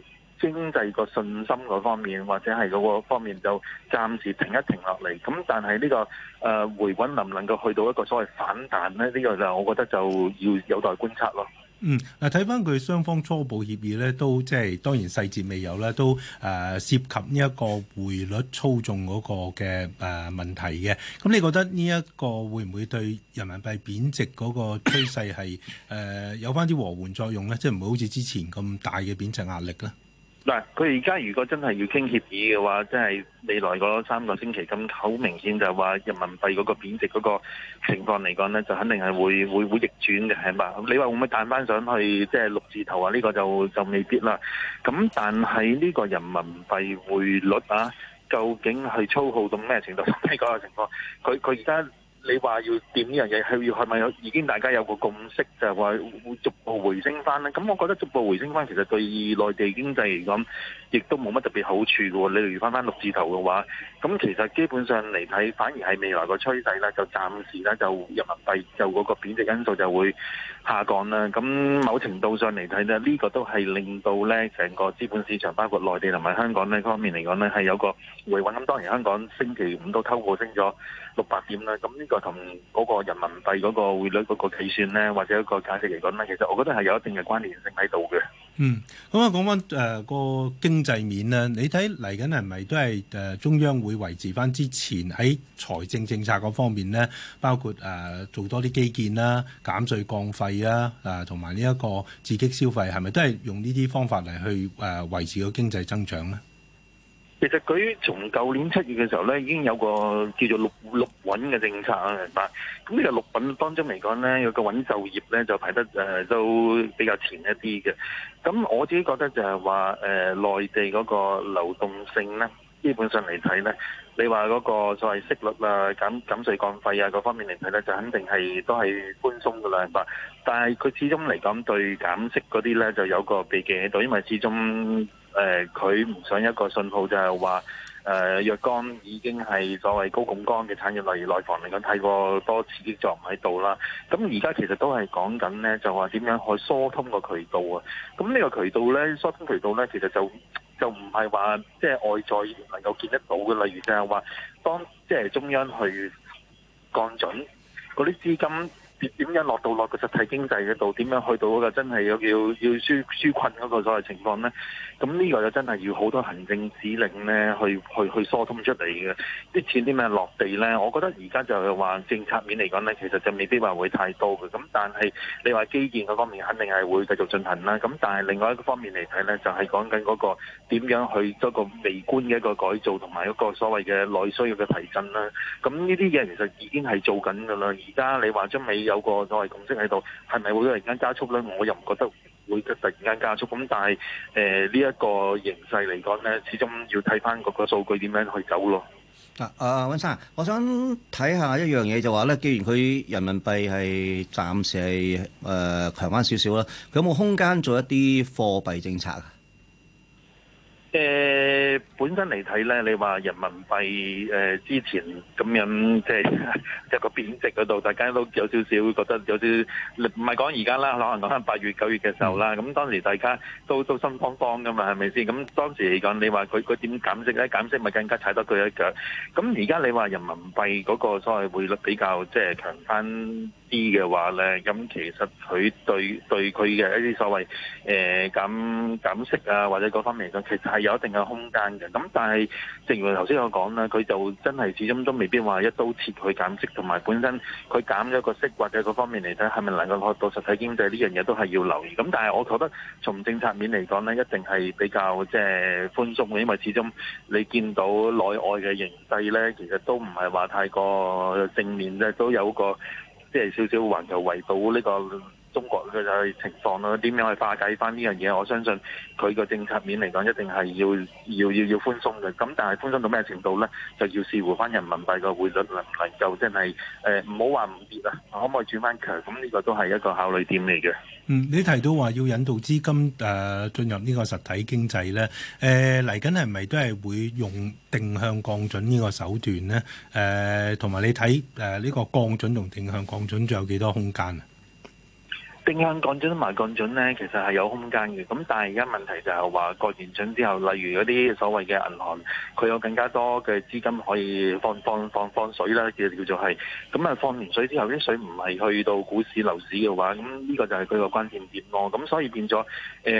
經濟個信心嗰方面，或者係嗰個方面就暫時停一停落嚟。咁但係呢、這個誒、呃、回穩能唔能夠去到一個所謂反彈呢？呢、這個就我覺得就要有待觀察咯。嗯，嗱睇翻佢雙方初步協議咧，都即、就、係、是、當然細節未有啦，都誒、呃、涉及呢一個匯率操縱嗰個嘅誒、呃、問題嘅。咁你覺得呢一個會唔會對人民幣貶值嗰個趨勢係、呃、有翻啲和緩作用咧？即係唔會好似之前咁大嘅貶值壓力咧？嗱，佢而家如果真係要傾協議嘅話，即係未來個三個星期咁好明顯就話人民幣嗰個貶值嗰個情況嚟講呢，就肯定係會會會逆轉嘅係嘛？你話會唔會彈翻上去？即係六字頭啊？呢個就就未必啦。咁但係呢個人民幣匯率啊，究竟係操控到咩程度？呢個情況，佢佢而家。你話要點呢樣嘢，係係咪有已經大家有個共識，就係、是、話會逐步回升翻咧？咁、嗯、我覺得逐步回升翻，其實對內地經濟嚟講。亦都冇乜特別好處嘅喎，你例如翻翻六字頭嘅話，咁其實基本上嚟睇，反而係未來個趨勢啦，就暫時咧就人民幣就嗰個貶值因素就會下降啦。咁某程度上嚟睇呢，呢、呢個都係令到咧成個資本市場，包括內地同埋香港呢方面嚟講咧，係有個回穩。咁當然香港星期五都偷步升咗六百點啦。咁呢個同嗰個人民幣嗰個匯率嗰個計算咧，或者一個解釋嚟講咧，其實我覺得係有一定嘅關聯性喺度嘅。嗯，咁、嗯、啊，講翻誒個經濟面咧，你睇嚟緊係咪都係誒中央會維持翻之前喺財政政策嗰方面咧，包括誒做多啲基建啦、減稅降費啊，誒同埋呢一個刺激消費，係咪都係用呢啲方法嚟去誒維持個經濟增長咧？其實佢從舊年七月嘅時候咧，已經有個叫做六六穩嘅政策啊，明白？咁呢個六穩當中嚟講咧，有個穩就業咧就排得誒、呃、都比較前一啲嘅。咁我自己覺得就係話誒內地嗰個流動性啦。基本上嚟睇咧，你話嗰個所謂息率啊、減減稅降費啊嗰、那個、方面嚟睇咧，就肯定係都係寬鬆噶啦，係嘛？但係佢始終嚟講對減息嗰啲咧，就有個避忌喺度，因為始終誒佢唔想一個信號就係話。誒若干已經係所謂高槓杆嘅產業類，內房嚟敢太過多刺激作唔喺度啦。咁而家其實都係講緊咧，就係點樣去疏通渠個渠道啊？咁呢個渠道咧，疏通渠道咧，其實就就唔係話即係外在能夠見得到嘅，例如就係話當即係、就係、中央去降準嗰啲資金，點樣落到落個實體經濟嗰度？點樣去到嗰個真係要要要紓困嗰個所謂情況呢？咁呢個就真係要好多行政指令呢去去去疏通出嚟嘅啲錢點樣落地呢？我覺得而家就係話政策面嚟講呢，其實就未必話會太多嘅。咁但係你話基建嗰方面，肯定係會繼續進行啦。咁但係另外一個方面嚟睇呢，就係講緊嗰個點樣去一個微觀嘅一個改造，同埋一個所謂嘅內需要嘅提振啦。咁呢啲嘢其實已經係做緊噶啦。而家你話將美有個所謂共識喺度，係咪會突然間加速咧？我又唔覺得會突然間加速。咁但係誒呢一個形勢嚟講咧，始終要睇翻嗰個數據點樣去走咯。啊，阿溫生，我想睇下一樣嘢就話咧，既然佢人民幣係暫時係誒強翻少少啦，佢有冇空間做一啲貨幣政策？誒本身嚟睇咧，你話人民幣誒之前咁樣即係嗰個貶值嗰度，大家都有少少覺得有啲唔係講而家啦，可能講翻八月九月嘅時候啦，咁當時大家都都心慌慌噶嘛，係咪先？咁當時嚟講，你話佢佢點減息咧？減息咪更加踩多佢一腳。咁而家你話人民幣嗰個所謂匯率比較即係強翻啲嘅話咧，咁其實佢對對佢嘅一啲所謂誒減減息啊或者嗰方面上其實係，有一定嘅空間嘅，咁但係正如頭先我講啦，佢就真係始終都未必話一刀切去減息，同埋本身佢減咗個息或者嗰方面嚟睇，係咪能夠落到實體經濟呢樣嘢都係要留意。咁但係我覺得從政策面嚟講呢，一定係比較即係、就是、寬鬆嘅，因為始終你見到內外嘅形勢呢，其實都唔係話太過正面，即係，都有個即係少少環球圍堵呢個。就是小小中國嘅就係情況咯，點樣去化解翻呢樣嘢？我相信佢個政策面嚟講，一定係要要要要寬鬆嘅。咁但係寬鬆到咩程度呢？就要視乎翻人民幣個匯率能唔能夠真係誒唔好話唔跌啊，可唔可以轉翻強？咁呢個都係一個考慮點嚟嘅。嗯，你提到話要引導資金誒進入呢個實體經濟呢，誒嚟緊係咪都係會用定向降準呢個手段呢？誒同埋你睇誒呢個降準同定向降準仲有幾多空間啊？定向降準同埋降準咧，其實係有空間嘅。咁但係而家問題就係話降完準之後，例如嗰啲所謂嘅銀行，佢有更加多嘅資金可以放放放放水啦。叫叫做係咁啊！放完水之後，啲水唔係去到股市、樓市嘅話，咁呢個就係佢個關鍵點咯。咁所以變咗，誒、呃，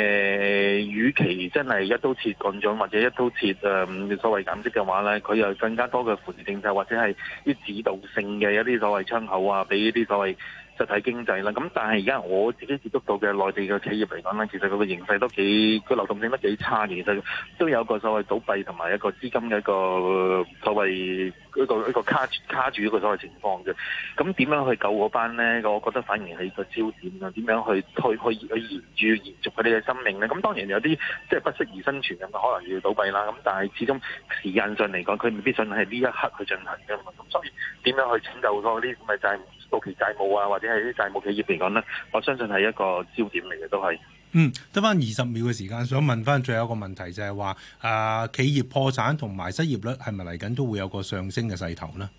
與其真係一刀切降準或者一刀切誒、嗯、所謂減息嘅話咧，佢有更加多嘅扶持政策或者係啲指導性嘅一啲所謂窗口啊，俾呢啲所謂。實體經濟啦，咁但係而家我自己接觸到嘅內地嘅企業嚟講咧，其實佢個形勢都幾，佢流動性都幾差嘅，其實都有個所謂倒閉同埋一個資金嘅一個所謂。呢個呢個卡住卡住呢個所謂情況嘅，咁點樣去救嗰班咧？我覺得反而係一個焦點啦。點樣去去去去延續延續佢哋嘅生命咧？咁當然有啲即係不適宜生存咁，可能要倒閉啦。咁但係始終時間上嚟講，佢未必想係呢一刻去進行嘅嘛。咁所以點樣去拯救嗰啲咁嘅債務到期債務啊，或者係啲債務企業嚟講咧？我相信係一個焦點嚟嘅，都係。嗯，得翻二十秒嘅時間，想問翻最後一個問題就係話，啊，企業破產同埋失業率係咪嚟緊都會有個上升嘅勢頭呢？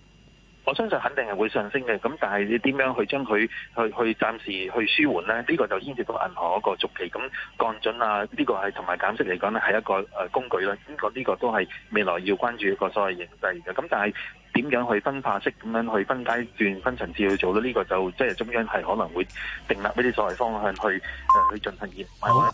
我相信肯定係會上升嘅，咁但係你點樣去將佢去去暫時去舒緩咧？呢個就牽涉到銀行一個續期咁降準啊，呢個係同埋減息嚟講咧係一個誒工具啦。呢個呢個都係未來要關注一個所謂形勢嘅。咁但係點樣去分化式咁樣去分階段分層次去做咧？呢個就即係中央係可能會定立呢啲所謂方向去誒、呃、去進行研。